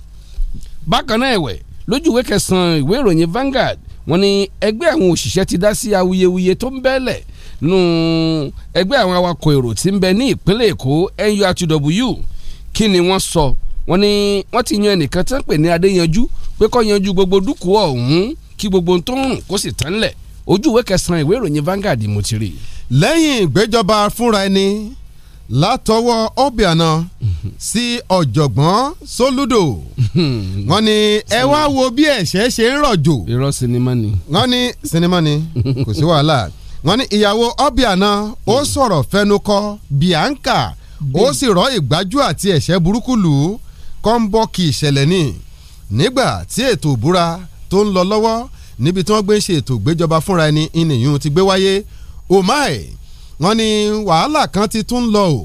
bákan náà ẹ̀wẹ̀ lójú ìwé kẹsàn-án ìwé ìròyìn Vanguard wọ́n ní ẹgbẹ́ àwọn òṣìṣẹ́ ti dá sí awuyewuye tó ń bẹ́lẹ̀ nù ẹgbẹ́ àwọn awakọ̀ èrò tí ń bẹ ní ìpínlẹ̀ Èkó NURTW kí ni wọ́n sọ wọ́n ní wọ́n ti yan ẹnìkan tí wọ́n pè ní adéyanjú pé kó yanjú gbogbo dúkùú ọ̀hún kí gbogbo tó ń rùn kó sì tán lẹ̀ ojú ìwé kẹsàn-án ìwé ìròyìn Vanguard mo ti rí. lẹ́yìn ìgbẹ́jọba fúnra ẹni látọwọ́ Obiano mhm. sí ọ̀jọ̀gbọ́n Soludo mhm. wọ́n ní ẹ wá wo bí ẹ̀ṣẹ̀ ṣe ń rọ̀jò. irọ́ sinimá ni. wọ́n ní sinimá ni kò sí wàhálà wọ́n ní ìyàwó Obiano ó mhm. sọ̀rọ̀ fẹnukò Bianca ó sì rọ́ ìgbájú àti ẹ̀ṣẹ́ burúkú lù ú kọ́ńbọ́ọ̀kì ìṣẹ̀lẹ̀ ni nígbà tí ètò ìbúra tó ń lọ lọ́wọ́ níbi tí wọ́n gbé ń ṣe ètò ìgbéjọba fúnra ẹni ìnìyún ti gbé wáyé umai wọ́n ní wàhálà kan ti tún lọ o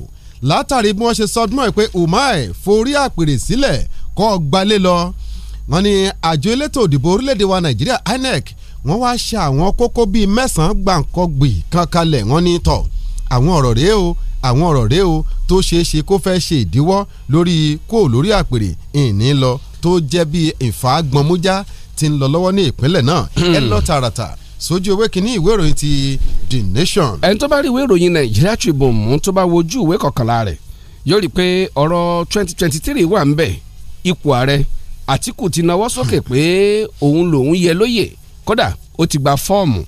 látàrí bí wọ́n ṣe sọdún ẹ̀ pé umai forí àpèrè sílẹ̀ kọ́ gbalé lọ wọ́n ní àjọ elétò òdìbò orílẹ̀-èdè wa nàìjíríà INEC wọ́n wá ṣe àwọn kókó bíi mẹ́sàn-án gbàǹkọ́gbì kankanlẹ̀ wọ́n ní tọ̀ àwọn ọ̀rọ̀ rèé o àwọn ọ̀rọ̀ rèé o tó ṣeé ṣe kó fẹ́ ṣe ìdíwọ́ lórí kó lórí àpèrè ìní lọ tó jẹ́ bí ìfàgbọ́nmújá ti ń lọ lọ́wọ́ ní ìpínlẹ̀ náà ẹ lọ tààràtà sójú ewé kínní ìwé ìròyìn ti the nation. ẹni tó bá rí ìwé ìròyìn Nigeria Tribune mú tó bá wojú ìwé kọkànlá rẹ̀ yóò rí i pé ọ̀rọ̀ 2023 wà ń bẹ̀ ipò ààrẹ Àtíkù ti nawọ́ sókè pé òun lòun yẹ lóyè kódà ó ti gba fọ́ọ̀mù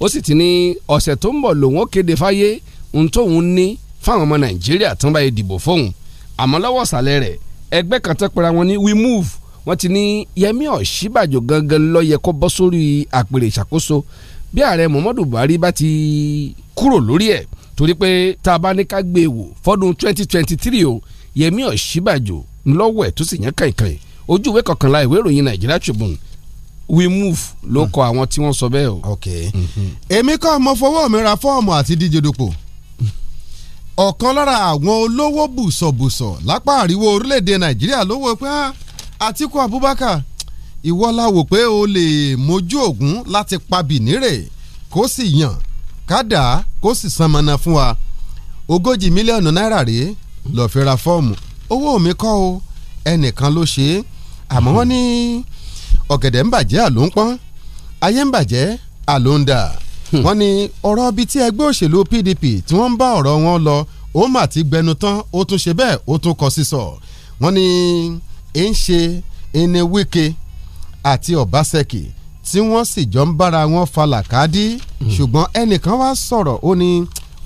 ó sì ti ní ọ̀sẹ̀ tó ń bọ̀ lòun ó kéde fáyé ohun tóun ní fáwọn ọmọ nàìjíríà tán báyìí dìbò fóun àmọ́ lọ́wọ́ ìsàlẹ̀ rẹ̀ ẹgbẹ́ kan tẹ́ pera wọn ní we move wọ́n ti ní yẹmí ọ̀ṣíbàjò gangan ló yẹ kó bọ́ sórí àpèrè ìṣàkóso bí ààrẹ muhammadu buhari bá ti kúrò lórí ẹ̀ torí pé tá a bá ní ká gbé e wò fọ́dún twenty twenty three o yẹmí ọ̀ṣíbàjò ńlọ́wọ́ ẹ̀ tó sì yẹn kàìnkàìn ojú ìwé kọkànlá ìwé ìròyìn nàìjíríà tribune we move ló kọ hmm. àwọn tí wọ́n sọ bẹ́ẹ̀ o. ok mhm. èmi kọ́ mo fowó mi ra fọ́ọ̀mù àti díje dupò ọ̀kan lára àwọn olówó bùsọ̀bùsọ̀ lápá àríwó orílẹ̀‐èdè nàìjíríà ló wò pé ah, àtìkú abubakar ìwọ la wò pé o lè mójú ògún láti pa bìnírè kó sì yàn kádà kó sì san mọ́nà fún wa ogójì mílíọ̀nù náírà rèé lọ́ọ́ fi ra fọ́ọ̀mù owó mi kọ́ o ẹnìkan ló ṣe é àmọ́ wọ́n ní ọ̀gẹ̀dẹ̀ ń bàjẹ́ àló ń pọ́n ayé ń bàjẹ́ àló Hmm. wọ́n ní ọ̀rọ̀ bíi tí ẹgbẹ́ òṣèlú PDP tí wọ́n ń bá ọ̀rọ̀ wọn lọ ó mà ti gbẹnu tán ó tún ṣe bẹ́ẹ̀ ó tún kọ sísọ wọ́n ní e ń ṣe ene Wike àti Obaseki tí wọ́n sì jọ ń bára wọn falàkádí hmm. ṣùgbọ́n ẹnìkan wá sọ̀rọ̀ ó ní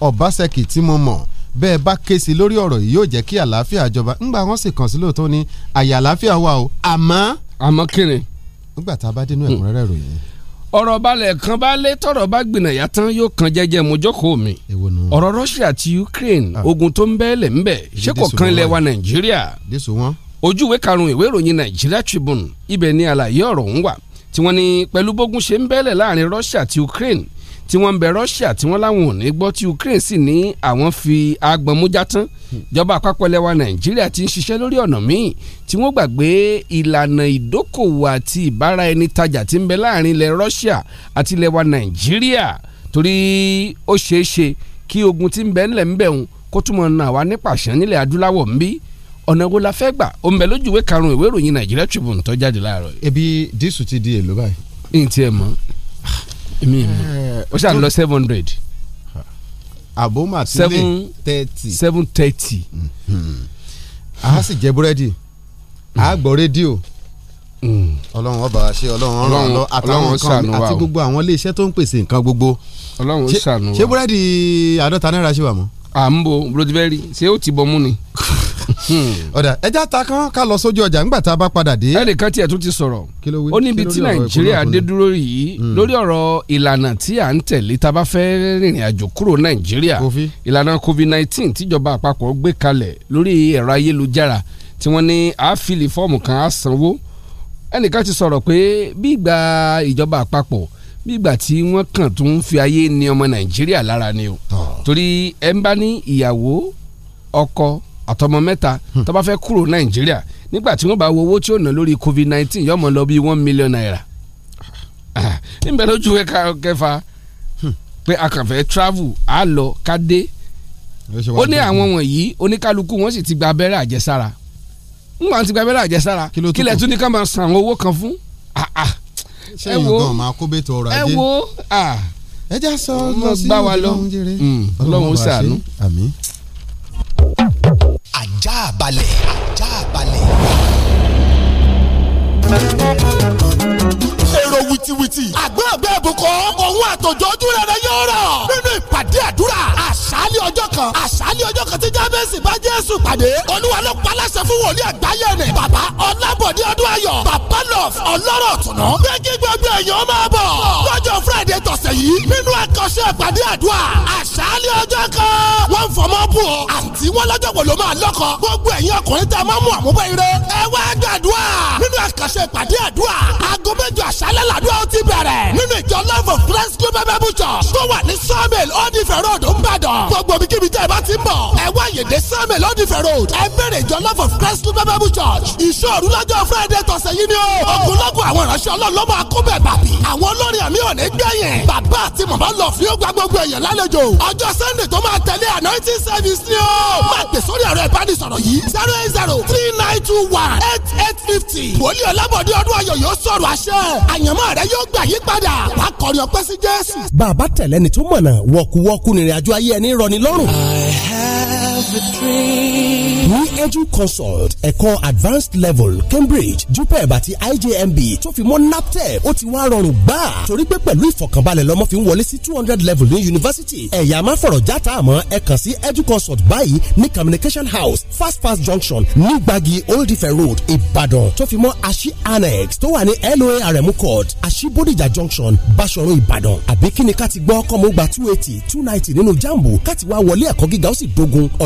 Obaseki tí mo mọ̀ bẹ́ẹ̀ bá ké sí lórí ọ̀rọ̀ yìí yóò jẹ́ kí àlàáfíà jọba ńgbà wọ́n sì kàn sí lóòótọ́ ni àyè àlàáfíà wà o àmọ́. àmọ́ kí ni. nígbà tá a bá dénú ẹ̀kúnrẹ́rẹ́ ròyìn ọ̀rọ̀ balẹ̀ kan bá lé tọ̀rọ̀ bá gbìnàyà tán yóò kan jẹ́jẹ́ mo jókòó mi ọ̀rọ̀ Russia àti Ukraine ah. ogun tó ń bẹ́ẹ̀lẹ̀ ń bẹ̀ ṣé kò kan ilẹ̀ wa Nàìjíríà ojú ìwé karùn-ún ìwé ìròyìn Nàìjíríà Tribune ibẹ̀ ni àlàyé ọ̀rọ̀ ń wà tí wọ́n ní pẹ̀lú bógun ṣe ń bẹ́ẹ̀lẹ̀ láàrin Russia àti Ukraine tí wọ́n ń bẹ Russia tí wọ́n láwọn ò ní gbọ́ tí Ukraine sì ní àwọn fi agbọn mújá tán ìjọba àpapọ̀ lẹwa Nàìjíríà ti ń ṣiṣẹ́ lórí ọ̀nà míì tí wọ́n gbàgbé ìlànà ìdókòwò àti ìbára ẹni tajà tí ń bẹ láàrin ilẹ̀ Russia àti lẹwa Nàìjíríà torí ó ṣeé ṣe kí ogun tí ń bẹ ńlẹ̀ ń bẹ̀ ń kó túmọ̀ nà wá nípasẹ̀ nílẹ̀ adúláwọ̀ ń bí ọ̀nà wo la fẹ́ gbà ó ń bẹ lójú karùn-ún ìwé ìròyìn Nàìjíríà Tribune tó jáde láàárọ̀. ebi dísù ti di èlò báyìí. ní ti ẹ mi o ṣàn lọ seven hundred. àbò màtílé thirty seven thirty. Hmm. a sì jẹ búrẹ́dì a hmm. gbọ́ rédíò hmm. ọlọ́run ọba ṣe ọlọ́run ọ̀ràn lọ àtàwọn kan àti gbogbo àwọn iléeṣẹ́ tó ń pèsè nǹkan gbogbo. ọlọ́run ó ṣàánú wa ṣé búrẹ́dì àádọ́ta náírà ṣe wà mọ́. à ń bo brodiveri ṣé ó ti bọ́ mú ni. Hmm. ọ̀dà ẹja ta kan ká lọ sójú ọjà ńgbà tá a bá padà dé. ẹnìkan tiẹ̀ tún ti sọ̀rọ̀ ó níbi tí nàìjíríà dé dúró yìí hmm. lórí ọ̀rọ̀ ìlànà tí à ń tẹ̀lé tá a bá fẹ́ rìnrìn àjò kúrò nàìjíríà ìlànà covid nineteen tíjọba àpapọ̀ gbé kalẹ̀ lórí ẹ̀rọ ayélujára tí wọ́n ní àáfìlì fọ́ọ̀mù kan á sanwó ẹnìkan ti sọ̀rọ̀ pé bí ìgbà ìjọba àpapọ̀ bí ìgbà tí wọ́n kàn tún fi ayé ní ọmọ nàìjíríà lára ni o torí ẹ̀ ń bá ní ìyàwó ọkọ àtọmọ mẹ́ta hmm. tó bá fẹ́ kúrò nàìjíríà nígbà tí wọ́n bá wo owó tí ó ná lórí covid nineteen yóò mọ̀ lọ bí one million naira níbẹ̀ lójú ẹ̀ka kẹfà hmm. pé a kàn fẹ́ travel á lọ ká dé ó ní àwọn wọ̀nyí oníkálukú wọn sì ti gba abẹ́rẹ́ àjẹsára wọn ti gba abẹ́rẹ́ àjẹsára kílẹ̀ tún ní ká máa san owó kan fún ah, ah. ṣé ìgbọ̀n ẹ wo ẹ já ah. sọ lọ sí hmm. ọlọ́run ó ṣàánú ajá balẹ̀ ajá balẹ̀. èrò wìtìwìtì àgbọn àgbẹ̀ ìbùkọ́ òun àtòjọ́ ojú rere yóò rọ̀ nínú ìpàdé àdúrà àṣálẹ̀ ọjọ́ kan àṣálẹ̀ ọjọ́ kan tí jábẹ́sì bá jésù pàdé olúwa ló pa aláṣẹ fún wòlíì àgbáyé rẹ̀ bàbá ọlábọ̀dé ọdún ayọ̀ bàbá love ọlọ́rọ̀ tùnú pé kí gbogbo èèyàn máa bọ̀ lọ́jọ́ friday tọ̀sẹ̀ yìí nínú àkànṣe ìpàdé àdúrà àṣálẹ̀ ọjọ́ kan ọlọ́run fọmọ́ bù ọ́ àǹtí wọn lọ́jọ́ wo ló máa lọ́kọ gbogbo ẹ̀yin ọkùnrin tá a máa mú àmúbọ̀ ire ẹ wá gbàdúrà nínú àkàṣe ìpàdé àdúrà aago méjì àṣálẹ̀ làdúrà ó ti bẹ̀rẹ̀ nínú ìjọ love of christ school bible church tó wà ní sawmill odifẹ̀ road ńbàdàn gbogbo mi kíbi tẹ́ ẹ bá ti ń bọ̀ ẹ wá yèdè sawmill odifẹ̀ road ẹ bẹ̀rẹ̀ ìjọ love of christ school bible church ìṣòro lọ́jọ́ friday tọ̀sẹ̀ yìí ni ó ogunlọ́gọ̀ àwọn ìránṣẹ́ ọlọ́run ló máa kó bẹ̀ bàbí àwọn olórin àmì ò ní gbẹ̀yìn bàbá àti màmá lọ fi ó gba gbogbo èèyàn lálejò ọjọ́ sunday tó máa tẹ̀lé àná charity service ni o. máa pè sórí ẹ̀rọ ìbánisọ̀rọ̀ yìí zero eight zero three nine two one eight eight fifty. wòlíì ọlábọ̀dé ọdún ayọ̀ yóò sọ̀rọ̀ àṣẹ. àyànmọ́ rẹ yóò gbà yí padà. wàá kọrin ọpẹ́ sí jésù. bàbá tẹ̀lẹ́ni tó mọ̀nà wọ̀kúwọ́kú nírìn àjò ayé ẹni rọ̀ ní lọ́rùn. I have ní edu consult ẹ̀kọ́ advanced level cambridge jupeb àti ijmb tó fi mọ́ naptep ó ti wá rọrùn gbà torí pé pẹ̀lú ìfọ̀kànbalẹ̀ lọ́mọ fi ń wọlé sí two hundred level ní yunifásitì ẹ̀yà máa fọ̀rọ̀ játa àmọ́ ẹ kàn sí edu consult báyìí ní communication house fast fast junction ní gbagi old ife road ìbàdàn tó fi mọ́ aṣí annex tó wà ní loarm court ashi bodija junction basoro ìbàdàn àbí kíni ká ti gbọ́ kọ́mọ́gbà two eighty two ninety nínú jambu ká ti wá wọlé ẹ̀kọ́ gíga ó sì dógún ọ̀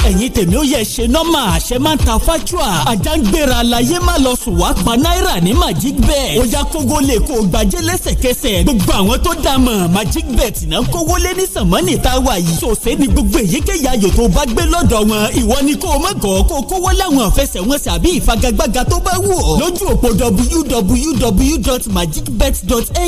ẹ̀yin tèmi ó yẹ ṣe nọ́mà àṣẹ máa ń ta fájúà ajá ń gbéra láyé má lọ sùn wá pa náírà ní magic bet ó yá kógó lè kó o gbajẹ́ lẹ́sẹ̀kẹsẹ̀ gbogbo àwọn tó dá mọ̀ magic bet náà kówó lé ní sànmọ́nì tá a wà yìí ṣòṣe ni gbogbo èyíkéyìí ayò tó bá gbé lọ́dọ̀ wọn ìwọ ni kó o má gọ̀ kó o kówó láwọn àfẹsẹ̀wọnsẹ̀ àbí ìfagagbága tó bá wù ọ́ lójú òpó www.magicbet.ng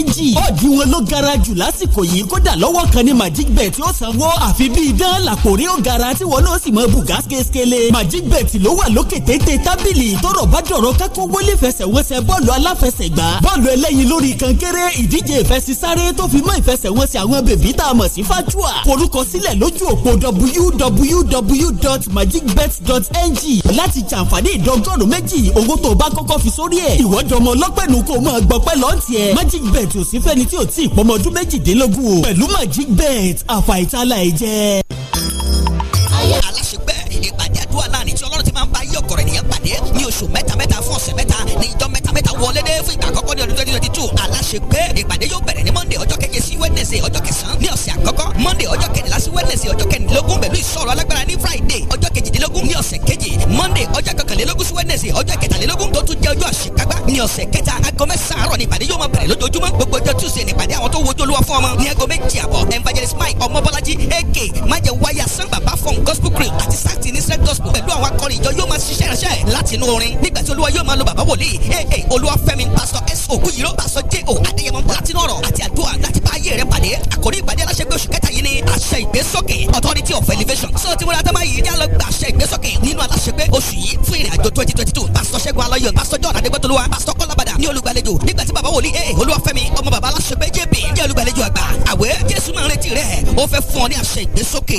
ọ̀dì wọn ló gara jù lásìkò yìí kódà lọ́wọ́ kan ní magic bet yóò sanwó àfi bíi dán làkòrí ó gara tí wọn náà sì mọ àwọn bùgá kéékèèlé magic bet ló wà lókè téńté tábìlì tọrọ bá dọ̀rọ̀ kákó wọlé fẹsẹ̀wọnsẹ̀ bọ́ọ̀lù aláfẹsẹ̀gbá bọ́ọ̀lù ẹlẹ́yin lórí kankéré ìdíje ìfẹsísáré tó fi mọ́ ìfẹsẹ̀wọnsẹ̀ àwọn bèbí tá a mọ̀ sí fájúà forúkọ sílẹ̀ lójú òpó www.magicbet.ng láti jàǹfààní ìdọ́gọ́rùn méjì owó tó o bá kọ́kọ́ fi sórí ẹ̀ ìwọ́jọmọ ọlọ́pẹ̀nu kò mọ̀ gbọ́pẹ́ lọ́ọ̀tì ẹ̀ magic bet ò sí fẹ́ni tí ò tí ì pọ́mọ ọdún méjìdínlógún o pẹ̀lú magic bet àfàìtálà ẹ̀jẹ̀. oṣù mẹ́ta mẹ́ta fún ọ̀sẹ̀ mẹ́ta ní ìjọ mẹ́ta mẹ́ta wọlé dé fún ìgbà àkọ́kọ́ ní ọdún twenty twenty two aláṣẹ pé ìpàdé yóò bẹ̀rẹ̀ ní mọ́ wednesday ọjọ́ kẹsàn-án ní ọ̀sẹ̀ àkọ́kọ́ monday ọjọ́ kẹrìnlá sí wednesday ọjọ́ kẹrìndínlógún pẹ̀lú ìsọ̀rọ̀ alágbára ní friday ọjọ́ kejìdínlógún ní ọ̀sẹ̀ kejì monday ọjọ́ kọkànlélógún sí wednesday ọjọ́ kẹtàlélógún tó tún jẹ́ ọjọ́ àṣekágbá ní ọ̀sẹ̀ kẹta aago mẹ́sàn-án ní ìpàdé yóò máa bẹ̀rẹ̀ lójoojúmọ́ gbogbo ọjọ́ tuesday ní ìpàdé àwọn tó wojú olúwa fún ọmọ ní aago méjì àbọ̀ evangelist mike ọmọbọ́lájí eke májẹ̀ wáyà sanbaba from gospel crew àti sáàtì ní sẹ́ gospel pẹ̀lú àwọn akọrin ìjọ yóò máa ṣiṣẹ́ ránṣẹ́ láti inú orin nígbà tí olúwa yóò máa lo bàbá wòlíì aa olúwafẹ́mi pásọ s okuyiro pásọ j o adéyẹmọ platinum ọ̀rọ̀ àti àdúrà láti ayé rẹ pàdé àkórí ìpàdé aláṣẹgbé oṣù kẹta yìí ni àṣẹ ìgbésókè authority of elevation sọ ti múra tẹ́lẹ̀ báyìí yá lọ gba àṣẹ ìgbésókè nínú aláṣẹgbé oṣù yìí fún ìrìn àjò twenty twenty two pásítọ̀ ṣẹ́gun alayọ̀ pásítọ̀ john adégbòtolúwa pásítọ̀ kọ́lábàdà ní olùgbàlejò nígbà tí bàbá wòlíì ee eh, olúwafẹ́mi ọmọ bàbá aláṣẹgbé jp jẹ́ olùgbàlejò àgbà àwẹ̀ jésù máa retí rẹ̀ ó fẹ́ fún ọ ní àṣẹ ìgbésókè.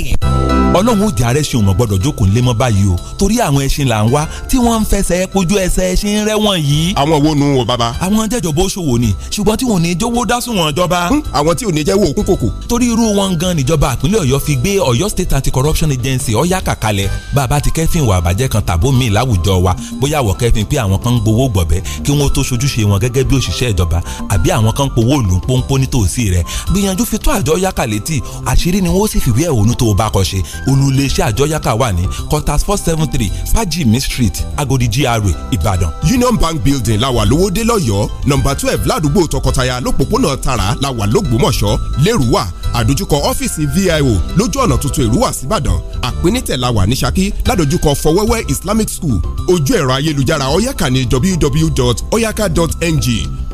ọlọ́run ó jẹ́ àrẹ ṣeun mọ̀ gbọ́dọ̀ jókòó ńlẹ́ mọ́ báyìí o torí àwọn ẹṣin là ń wá tí wọ́n ń fẹsẹ̀ kojú ẹsẹ̀ ẹṣin rẹ́wọ̀n yìí. àwọn wo nu wo Baba. àwọn jẹjọ bó ṣòwò ni ṣùgbọ́n tí wọn ò ní jówó dásùn wọn jọba. Hm, àwọn nǹkan tí ò ní jẹ́ wò ó kún kòkò. torí irú wọn gan níjọba àpínlẹ̀ ọ̀yọ́ fi gbé ọ̀yọ́ state anti-corruption agency ọ̀yá kàkálẹ̀ bàbá ti kẹ́fìn ìwà àbàjẹ́ kan tàbó mi láwùjọ wa bóyá àwọ̀ kẹ́fìn pé àwọn kan ń gbowó gbọ̀bẹ́ kí wọ́n tó sojúṣe wọn gẹ́gẹ́ bí òṣìṣẹ́ ìjọba àbí àwọn kan ń powó ìlú pọ́npọ́n nítòsí rẹ̀ gbìyànjú fi tó àjọ yáka létí àṣírí ni wọ́n sì fìwé ẹ̀hónú tó o bá kọ ṣe olùléṣẹ́ àjọ yáka wà ní contact four seven three fajimi street agodi gra ìbàdàn. union bank building làwà lówódé lọ́yọ́ọ́ nọ́mbà twelve ládùúgbò tọkọtaya lọ́pọ̀pọ̀nà tara làwà lógbòmọ ògbómọ̀ṣọ́ lẹ́rùwà àdójúkọ ọ́fíìsì vio lójú ọ̀nà tuntun èrúwà síbàdàn àpínítẹ̀lá wà ní ṣakí ládojúkọ fọwẹ́wẹ́ islamic school ojú ẹ̀rọ ayélujára oyaka ní www.oyaka.ng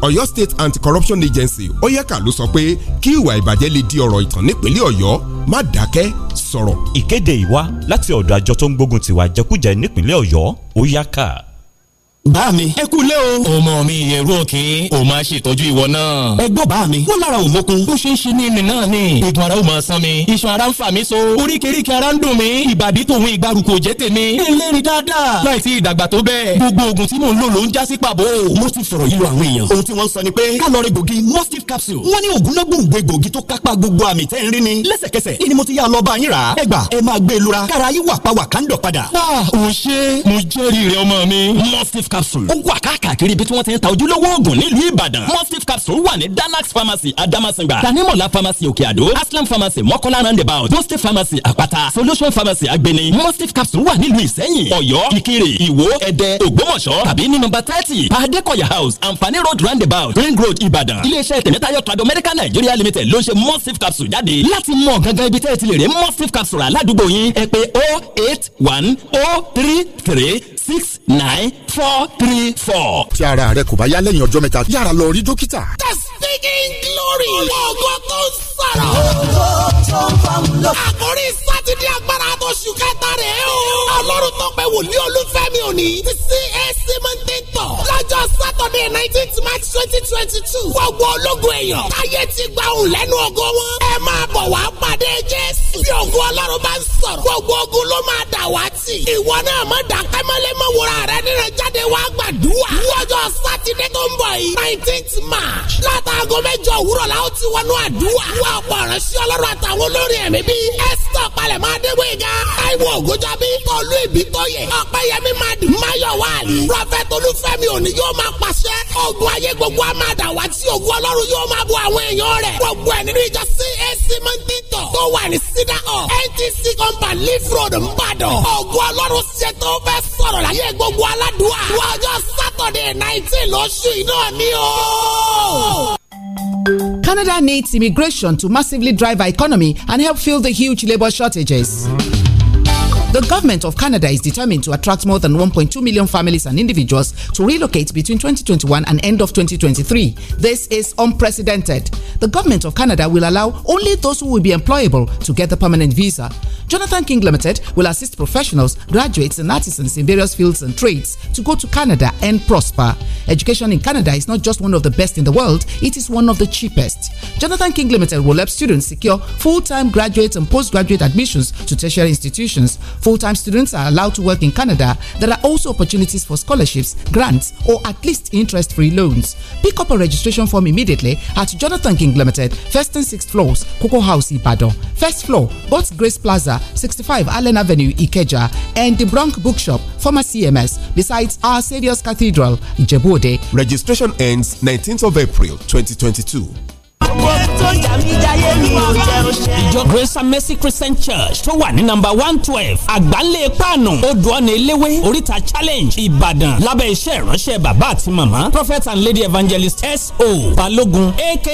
ọ̀yọ́ state anti-corruption agency oyaka ló sọ pé kí ìwà ìbàjẹ́ lè di ọ̀rọ̀ ìtàn nípínlẹ̀ ọ̀yọ́ má dákẹ́ sọ̀rọ̀. ìkéde ìwá láti ọ̀dọ̀ àjọ tó ń gbógun tiwa jẹkújẹ nípínlẹ̀ ọ̀yọ́ oyaka bá mi. ẹ kú o. ọmọ mi ìyẹ̀rú òkè o máa ṣètọ́jú ìwọ náà. ẹ gbọ́ bá mi. wọ́n lára òmokun. ó ṣe ń ṣe ní ìrìn náà ni. igun ara ó máa san mi. iṣan ara ń fà mí so. oríkèéríkèé ara ń dùn mí. ìbàdí tòun ìgbàrú kò jẹ́ tèmi. ẹlẹ́rìí dáadáa. láì tí ìdàgbà tó bẹ́ẹ̀. gbogbo oògùn tí mò ń lò ló ń já sí pàbó. mo ti fọ̀rọ̀ yí lọ àwọn èèyàn. capsule. wọ́n ní oògùn náà gbòǹgbò egbòogi ni. lẹ́sẹ̀kẹsẹ̀ ni mo ti yá lọ bá yín rà. ẹ e ah òun ṣe mo jẹ́rìí capsule ó wà káàkiri ibi tí wọ́n ti ń ta ojúlówó oògùn nílùú ìbàdàn mustif capsule wà ní danax pharmacy adamasingba tanimola pharmacy òkè aslam pharmacy mọ́kànlá roundabout mustif pharmacy àpáta solution pharmacy agbeni mustif capsule wà nílùú ìsẹ́yìn ọ̀yọ́ ìkirè ìwó ẹ̀dẹ́ ògbómọ̀ṣọ́ tàbí ní nọ́mbà thirty pàdékọ̀yà house àǹfààní road roundabout ring road ìbàdàn iléeṣẹ́ tẹ̀mẹ́tayọ̀ tọ́jú medical nigeria limited ló ń ṣe mustif capsule jáde láti mọ̀ gangan ibi tẹ́ ti lè rí mustif capsule aládùúgbò yín ẹ pé oh eight one oh three three six nine four three four. tí ara rẹ kò bá yá lẹ́yìn ọjọ́ mẹ́ta yára lọ rí dókítà. the singing glory lọ́gọ́ tó ń sọ̀rọ̀. lọ́gọ́ tó ń fa wù lọ. àkórí sátidé agbára àtọ̀sù kẹta rẹ̀ o. ọlọ́run tó pẹ́ wòlíì olúfẹ́mi òní. ti CAC mountain tọ̀. lọ́jọ́ sátọ̀dẹ̀ nineteenth march twenty twenty two. gbogbo ológun èèyàn. táyé ti gba òun lẹ́nu ògo wọn. ẹ máa bọ̀ wá pàdé jésù. bí ògo ọlọ́run bá ń sọ̀rọ̀. gbogbo ogun ló máa dà wá tì. ìwọ náà má dàkẹ́ mọ́lẹ́ mọ wúra rẹ nínú jáde wá gbàdúrà. lọ́jọ́ sátidé tó ń bọ̀ yìí nineteenth march látàgọ́ mẹ́jọ òwúrọ̀ la ó ti wọnú àdúrà. wọ́n ọ̀pọ̀ ìránṣẹ́ ọlọ́run àtàwọn olórí ẹ̀mí bíi esther palẹ̀mọ́ adégbèga taiwo ògójábí tọ́lú ìbítọ́yẹ̀ ọ̀pẹ́yẹmí madi mayowali prọfẹ̀tì olúfẹ́mi òní yóò máa pàṣẹ. ogun ayé gbogbo a máa dà wá tí ogun ọlọ́run yóò máa bu àwọn èèyàn rẹ̀. gbogbo ẹ̀ nínú ìjọ cac mọ́ńtítọ̀ tó wà ní sídà ọ̀ ntc company leaf road ńbàdàn. ogun ọlọ́run ṣètò fẹ́ ayé gbogbo aládùúwà lọ́jọ́ sátọ̀dẹ̀ nineteen lóṣù iná ni o. Canada needs immigration to massively drive our economy and help fill the huge labour shortages. The government of Canada is determined to attract more than 1.2 million families and individuals to relocate between 2021 and end of 2023. This is unprecedented. The government of Canada will allow only those who will be employable to get a permanent visa. Jonathan King Limited will assist professionals, graduates, and artisans in various fields and trades to go to Canada and prosper. Education in Canada is not just one of the best in the world, it is one of the cheapest. Jonathan King Limited will help students secure full time graduate and postgraduate admissions to tertiary institutions. Full time students are allowed to work in Canada. There are also opportunities for scholarships, grants, or at least interest free loans. Pick up a registration form immediately at Jonathan King Limited, first and sixth floors, Coco House, Ibadan. First floor, God's Grace Plaza, 65 Allen Avenue, Ikeja, and the Bronx Bookshop, former CMS, besides Our Saviour's Cathedral, Ijebuode. Registration ends 19th of April 2022. tó jà mí jayé mi ò jẹun ṣẹ. ìjọ Grace Mercy Christian Church tó wà ní nọ́mbà one twelve àgbáńlé páànù odò ọ̀nà eléwé oríta challenge Ìbàdàn lábẹ́ iṣẹ́ ìránṣẹ́ bàbá àti màmá prophet and lady evangelist S.O. Balógun aka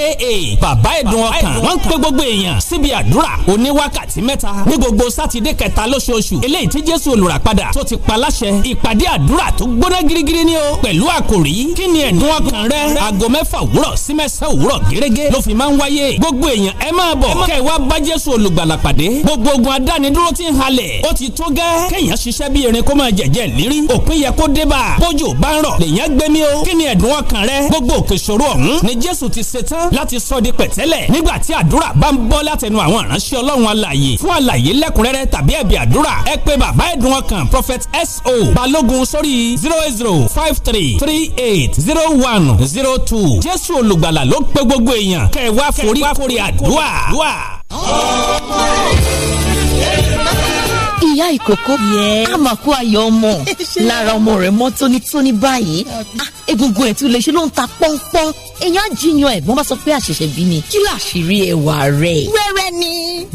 bàbá ẹ̀dùn ọkàn wọ́n ń pè gbogbo èèyàn síbi àdúrà oní wákàtí mẹ́ta ní gbogbo sátidé kẹta lóṣooṣù eléyìí tí Jésù olùràpadà tó ti pa láṣẹ ìpàdé àdúrà tó gbóná girigiri ni o pẹ̀lú àkòrí kí ni ẹ̀dùn ọkàn rẹ aago mẹ́fà òwúrọ̀ sí mẹ́sàn-án òwúrọ̀ gẹ́gẹ́ ló fi máa ń wáyé wáyé gbogbo èèyàn ẹ máa bọ̀ kẹ́ ẹ wá bá jésù olùgbàlà pàdé gbogbo ogun adánidúró ti ń halẹ̀ ó ti tó gẹ́ kẹ́yìn ṣiṣẹ́ bí irin kó máa jẹ̀jẹ̀ lérí òpin yẹ kó dé bá bójú bá ń rọ̀ lèyàn gbé mi o kí ni ẹ̀dùn ọkàn rẹ gbogbo òkè ìṣòro ọ̀hún ni jésù ti ṣe tán láti sọ di pẹ̀tẹ́lẹ̀ nígbà tí àdúrà bá ń bọ́ látẹnu àwọn ìránṣẹ́ ọlọ́run alààyè fún àlàyé lẹ́kùnrẹ́rẹ́ tàbí ẹ̀bì àdúrà ẹ pè bàbá ẹ̀dùn ọkàn prophet so balógun sórí zero eight zero five three three eight zero one zero two jésù olùgbàlà ló ń pe gbogbo èèyàn kẹ́ ẹ forí wá forí àdúrà. ọmọ ẹ̀ ṣe ìyá ìkókó àmàkù ayọ̀ ọmọ lára ọmọ rẹ̀ mọ́ tónítóní báyìí ah, egungun ẹ̀ tún lè ṣe ló ń ta pọ́npọ́n èèyàn jiyan ẹ̀gbọ́n bá sọ pé àṣẹ̀ṣẹ̀ bí ni kí làṣírí ẹwà rẹ̀. wẹ́rẹ́ ni.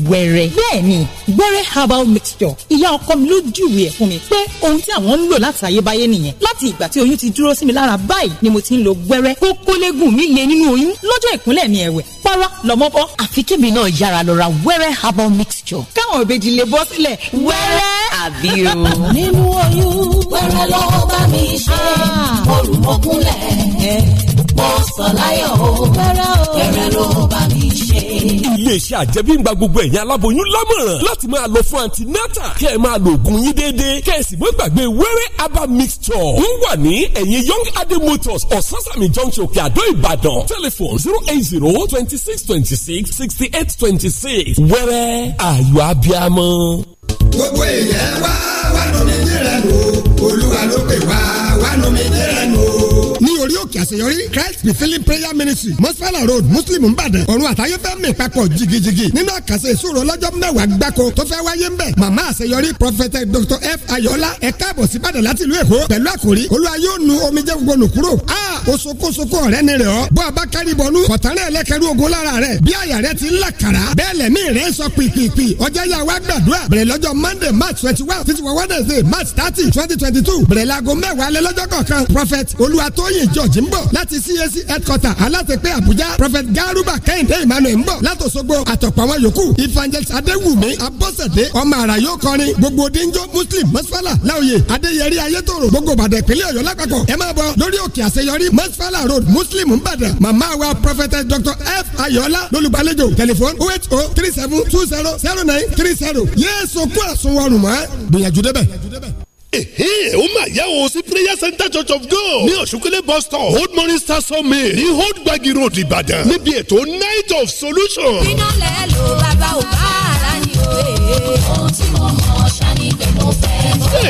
wẹ́rẹ́. bẹ́ẹ̀ni wẹ́rẹ́ herbal mixture ìyá ọkọ mi ló júwe ẹ̀ fún mi pé ohun tí àwọn ń lò láti ayébáyé nìyẹn láti ìgbà tí oyún ti dúró sí mi lára báyìí ni mo ti ń lo wẹ́rẹ́ kókólégùn mi lè nínú oyún lọ́jọ́ ìkúnlẹ̀ mi ẹ̀wẹ̀ pàrọ̀ lọ́mọ bọ́. àfi kébì náà yára lọ ra wẹ́rẹ́ herbal mixture. káwọn òbejì lè bọ́ sílẹ̀ w wẹ́rẹ́. àbí o. nínú oyún wẹ́rẹ́ ló bá mi ṣe ah. mo rù eh. mo ló bá mi ṣe. iléeṣẹ́ àjẹmíngba gbogbo ẹ̀yin aláboyún lámọ̀ràn láti máa lọ fún antinata kẹ́ ẹ̀ máa lo oògùn yín déédéé kẹ́ ẹ̀ sì mọ́ gbàgbé wẹ́rẹ́ herbal mixture ń wà ní ẹ̀yìn young adé motors ososani junction kíadó ìbàdàn telephone zero eight zero twenty six twenty six sixty eight twenty six wẹ́rẹ́ ayọ̀ abiamọ gbogbo èèyàn wá wánú mi jẹ́rẹ̀ nù olúwa ló pè wá wánú mi jẹ́rẹ̀ nù òkè àṣeyọrí christ be refilling prayer ministry mọ́sálà road muslim nìbàdàn ọ̀run àtayé fẹ́ mi papọ̀ jigijigi nínú àkàṣe ìṣòro lọ́jọ́ mẹ́wàá gbáko tó fẹ́ wáyé ń bẹ̀ màmá àṣeyọrí prọfẹtẹ dr f ayọ̀lá ẹ̀ka àbọ̀ síbàdàn láti ìlú èkó pẹ̀lú àkòrí olúwa yóò nu omijé gbogbo nù kúrò a osokosoko ọ̀rẹ́ ni rẹ̀ ọ́ bọ́ abakari bọ̀nú kọ̀tàrẹ́ ẹlẹ́kẹ̀rú ogun lára rẹ̀ bí àyà rẹ̀ ti ń là kàrà bẹ́ẹ̀ lẹ̀mí rẹ̀ sọ pìpìpì ọjọ́ yà wá gbàdúrà bẹ̀rẹ̀ lọ́jọ́ monday march twenty march thirty twenty twenty two bẹ̀rẹ̀ laago mẹ́wàá lẹ́lọ́jọ́ kọ̀ọ̀kan prophet olúwatóyìn george ń bọ̀ láti CAC headquarter alátẹ̀pẹ́ Àbújá Prophet Garuba Kẹ́hìndé Emmanuel ń bọ̀ látòsogbo àtọ̀pọ̀ àwọn yòókù Evangelist Adéwùmí Abọ́sẹ̀dé ọmọ àrà yóò kọrin gbogbo dénjọ́ Muslim Mọ́sálà Láòyè Adéyẹrí Ayétòrò gbogbo Ìbàdàn ìpínlẹ̀ Ọ̀yọ́ lápapọ̀ ẹ máa bọ̀ lórí òkè àṣeyọrí Mọ́sálà road Muslim Ìbàdàn màmá wa Prophet Dr F Ayọ̀ọ́lá lólùgbàlejò tẹlifon oh eight oh three seven two zero zero nine three zero yéé sọ kó àsùnwọ̀n rùmọ́ gbìyànjú débẹ̀ ó mà yá o sí prayer center church of god ní ọ̀ṣunkẹ́lẹ́ bus stop old morning star summit ní old gbagi road ìbàdàn níbi ètò night of solution. iná lẹ́ lo bàbá ò bá ara ni o. Eh, eh, eh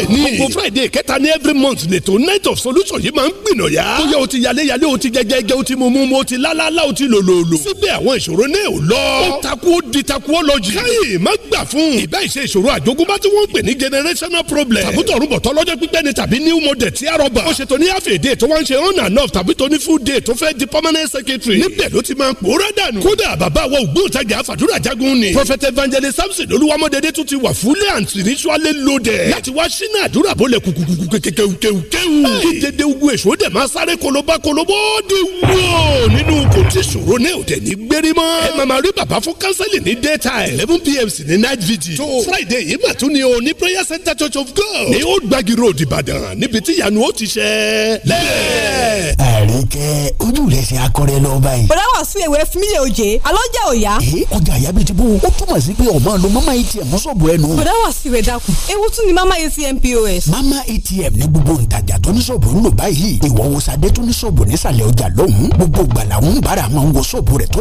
friday gbogbo friday kẹta ní every month lètò night of solution yìí máa ń gbìnàyà. bóyá o ti yaléyalé o ti jẹjẹjẹ o ti mumu o ti lálálá o ti lòlòlò. síbẹ̀ àwọn ìṣòro náà ò lọ. ó takú ó di takú ó lọ jù. káyì má gbà fún. ìbá ìṣe ìṣòro àjogúnbá tí wọ́n ń pè ní generational problem. tàbí tọrùbọ̀tọ̀ lọ́jọ́ pípẹ́ ni tàbí new model ti a rọ̀bà. ó ṣe tó ní half a day tó wá ń ṣe on and off tàbí tó ní full day tó fẹ́ di permanent secretary. níbẹ̀ ló ti máa ń pòórá dànù. kódà bàbá wa ògbóǹtajà fàdúrà jagun ni. prophet evangelist samson olúwamọ́dédé tún ti wà fúlẹ̀ and spiritually loaded. láti wá sí nínú àdúrà bó lẹ kùkùkùkù kékéwkéwkéwù. kí dédé ugu èso dẹ̀ máa sáré kolobá kolobó di wúwo nínú kò tí ṣòro ní òde ní gbérí mọ́. ẹ màmá rí bàbá fún kánsẹ́lì ní daytime eleven pm sí ní night vigil. tó friday yìí mà tún ni o ní prayer center church of god. ní ó gbági road ìbàdàn níbi tí ìyanu ó ti ṣẹ. lẹ́ẹ̀. àríkẹ́ ojú rẹ̀ ṣe akọrẹ lọ báyìí. bọ̀dá wà sí ewé fúnmílẹ̀ òjé alọ́jà òya. ee ọjà àyà ti bó o túmọ̀ sí pé mama mmpos. mama atm ní gbogbo ntajà tó ní ṣọ́ọ̀bù ń lò báyìí ìwọ wo sadé tó ní ṣọ́ọ̀bù nísàlẹ̀ ọjà lóhùn gbogbo gbala ń bára àwọn wo rẹ̀ tó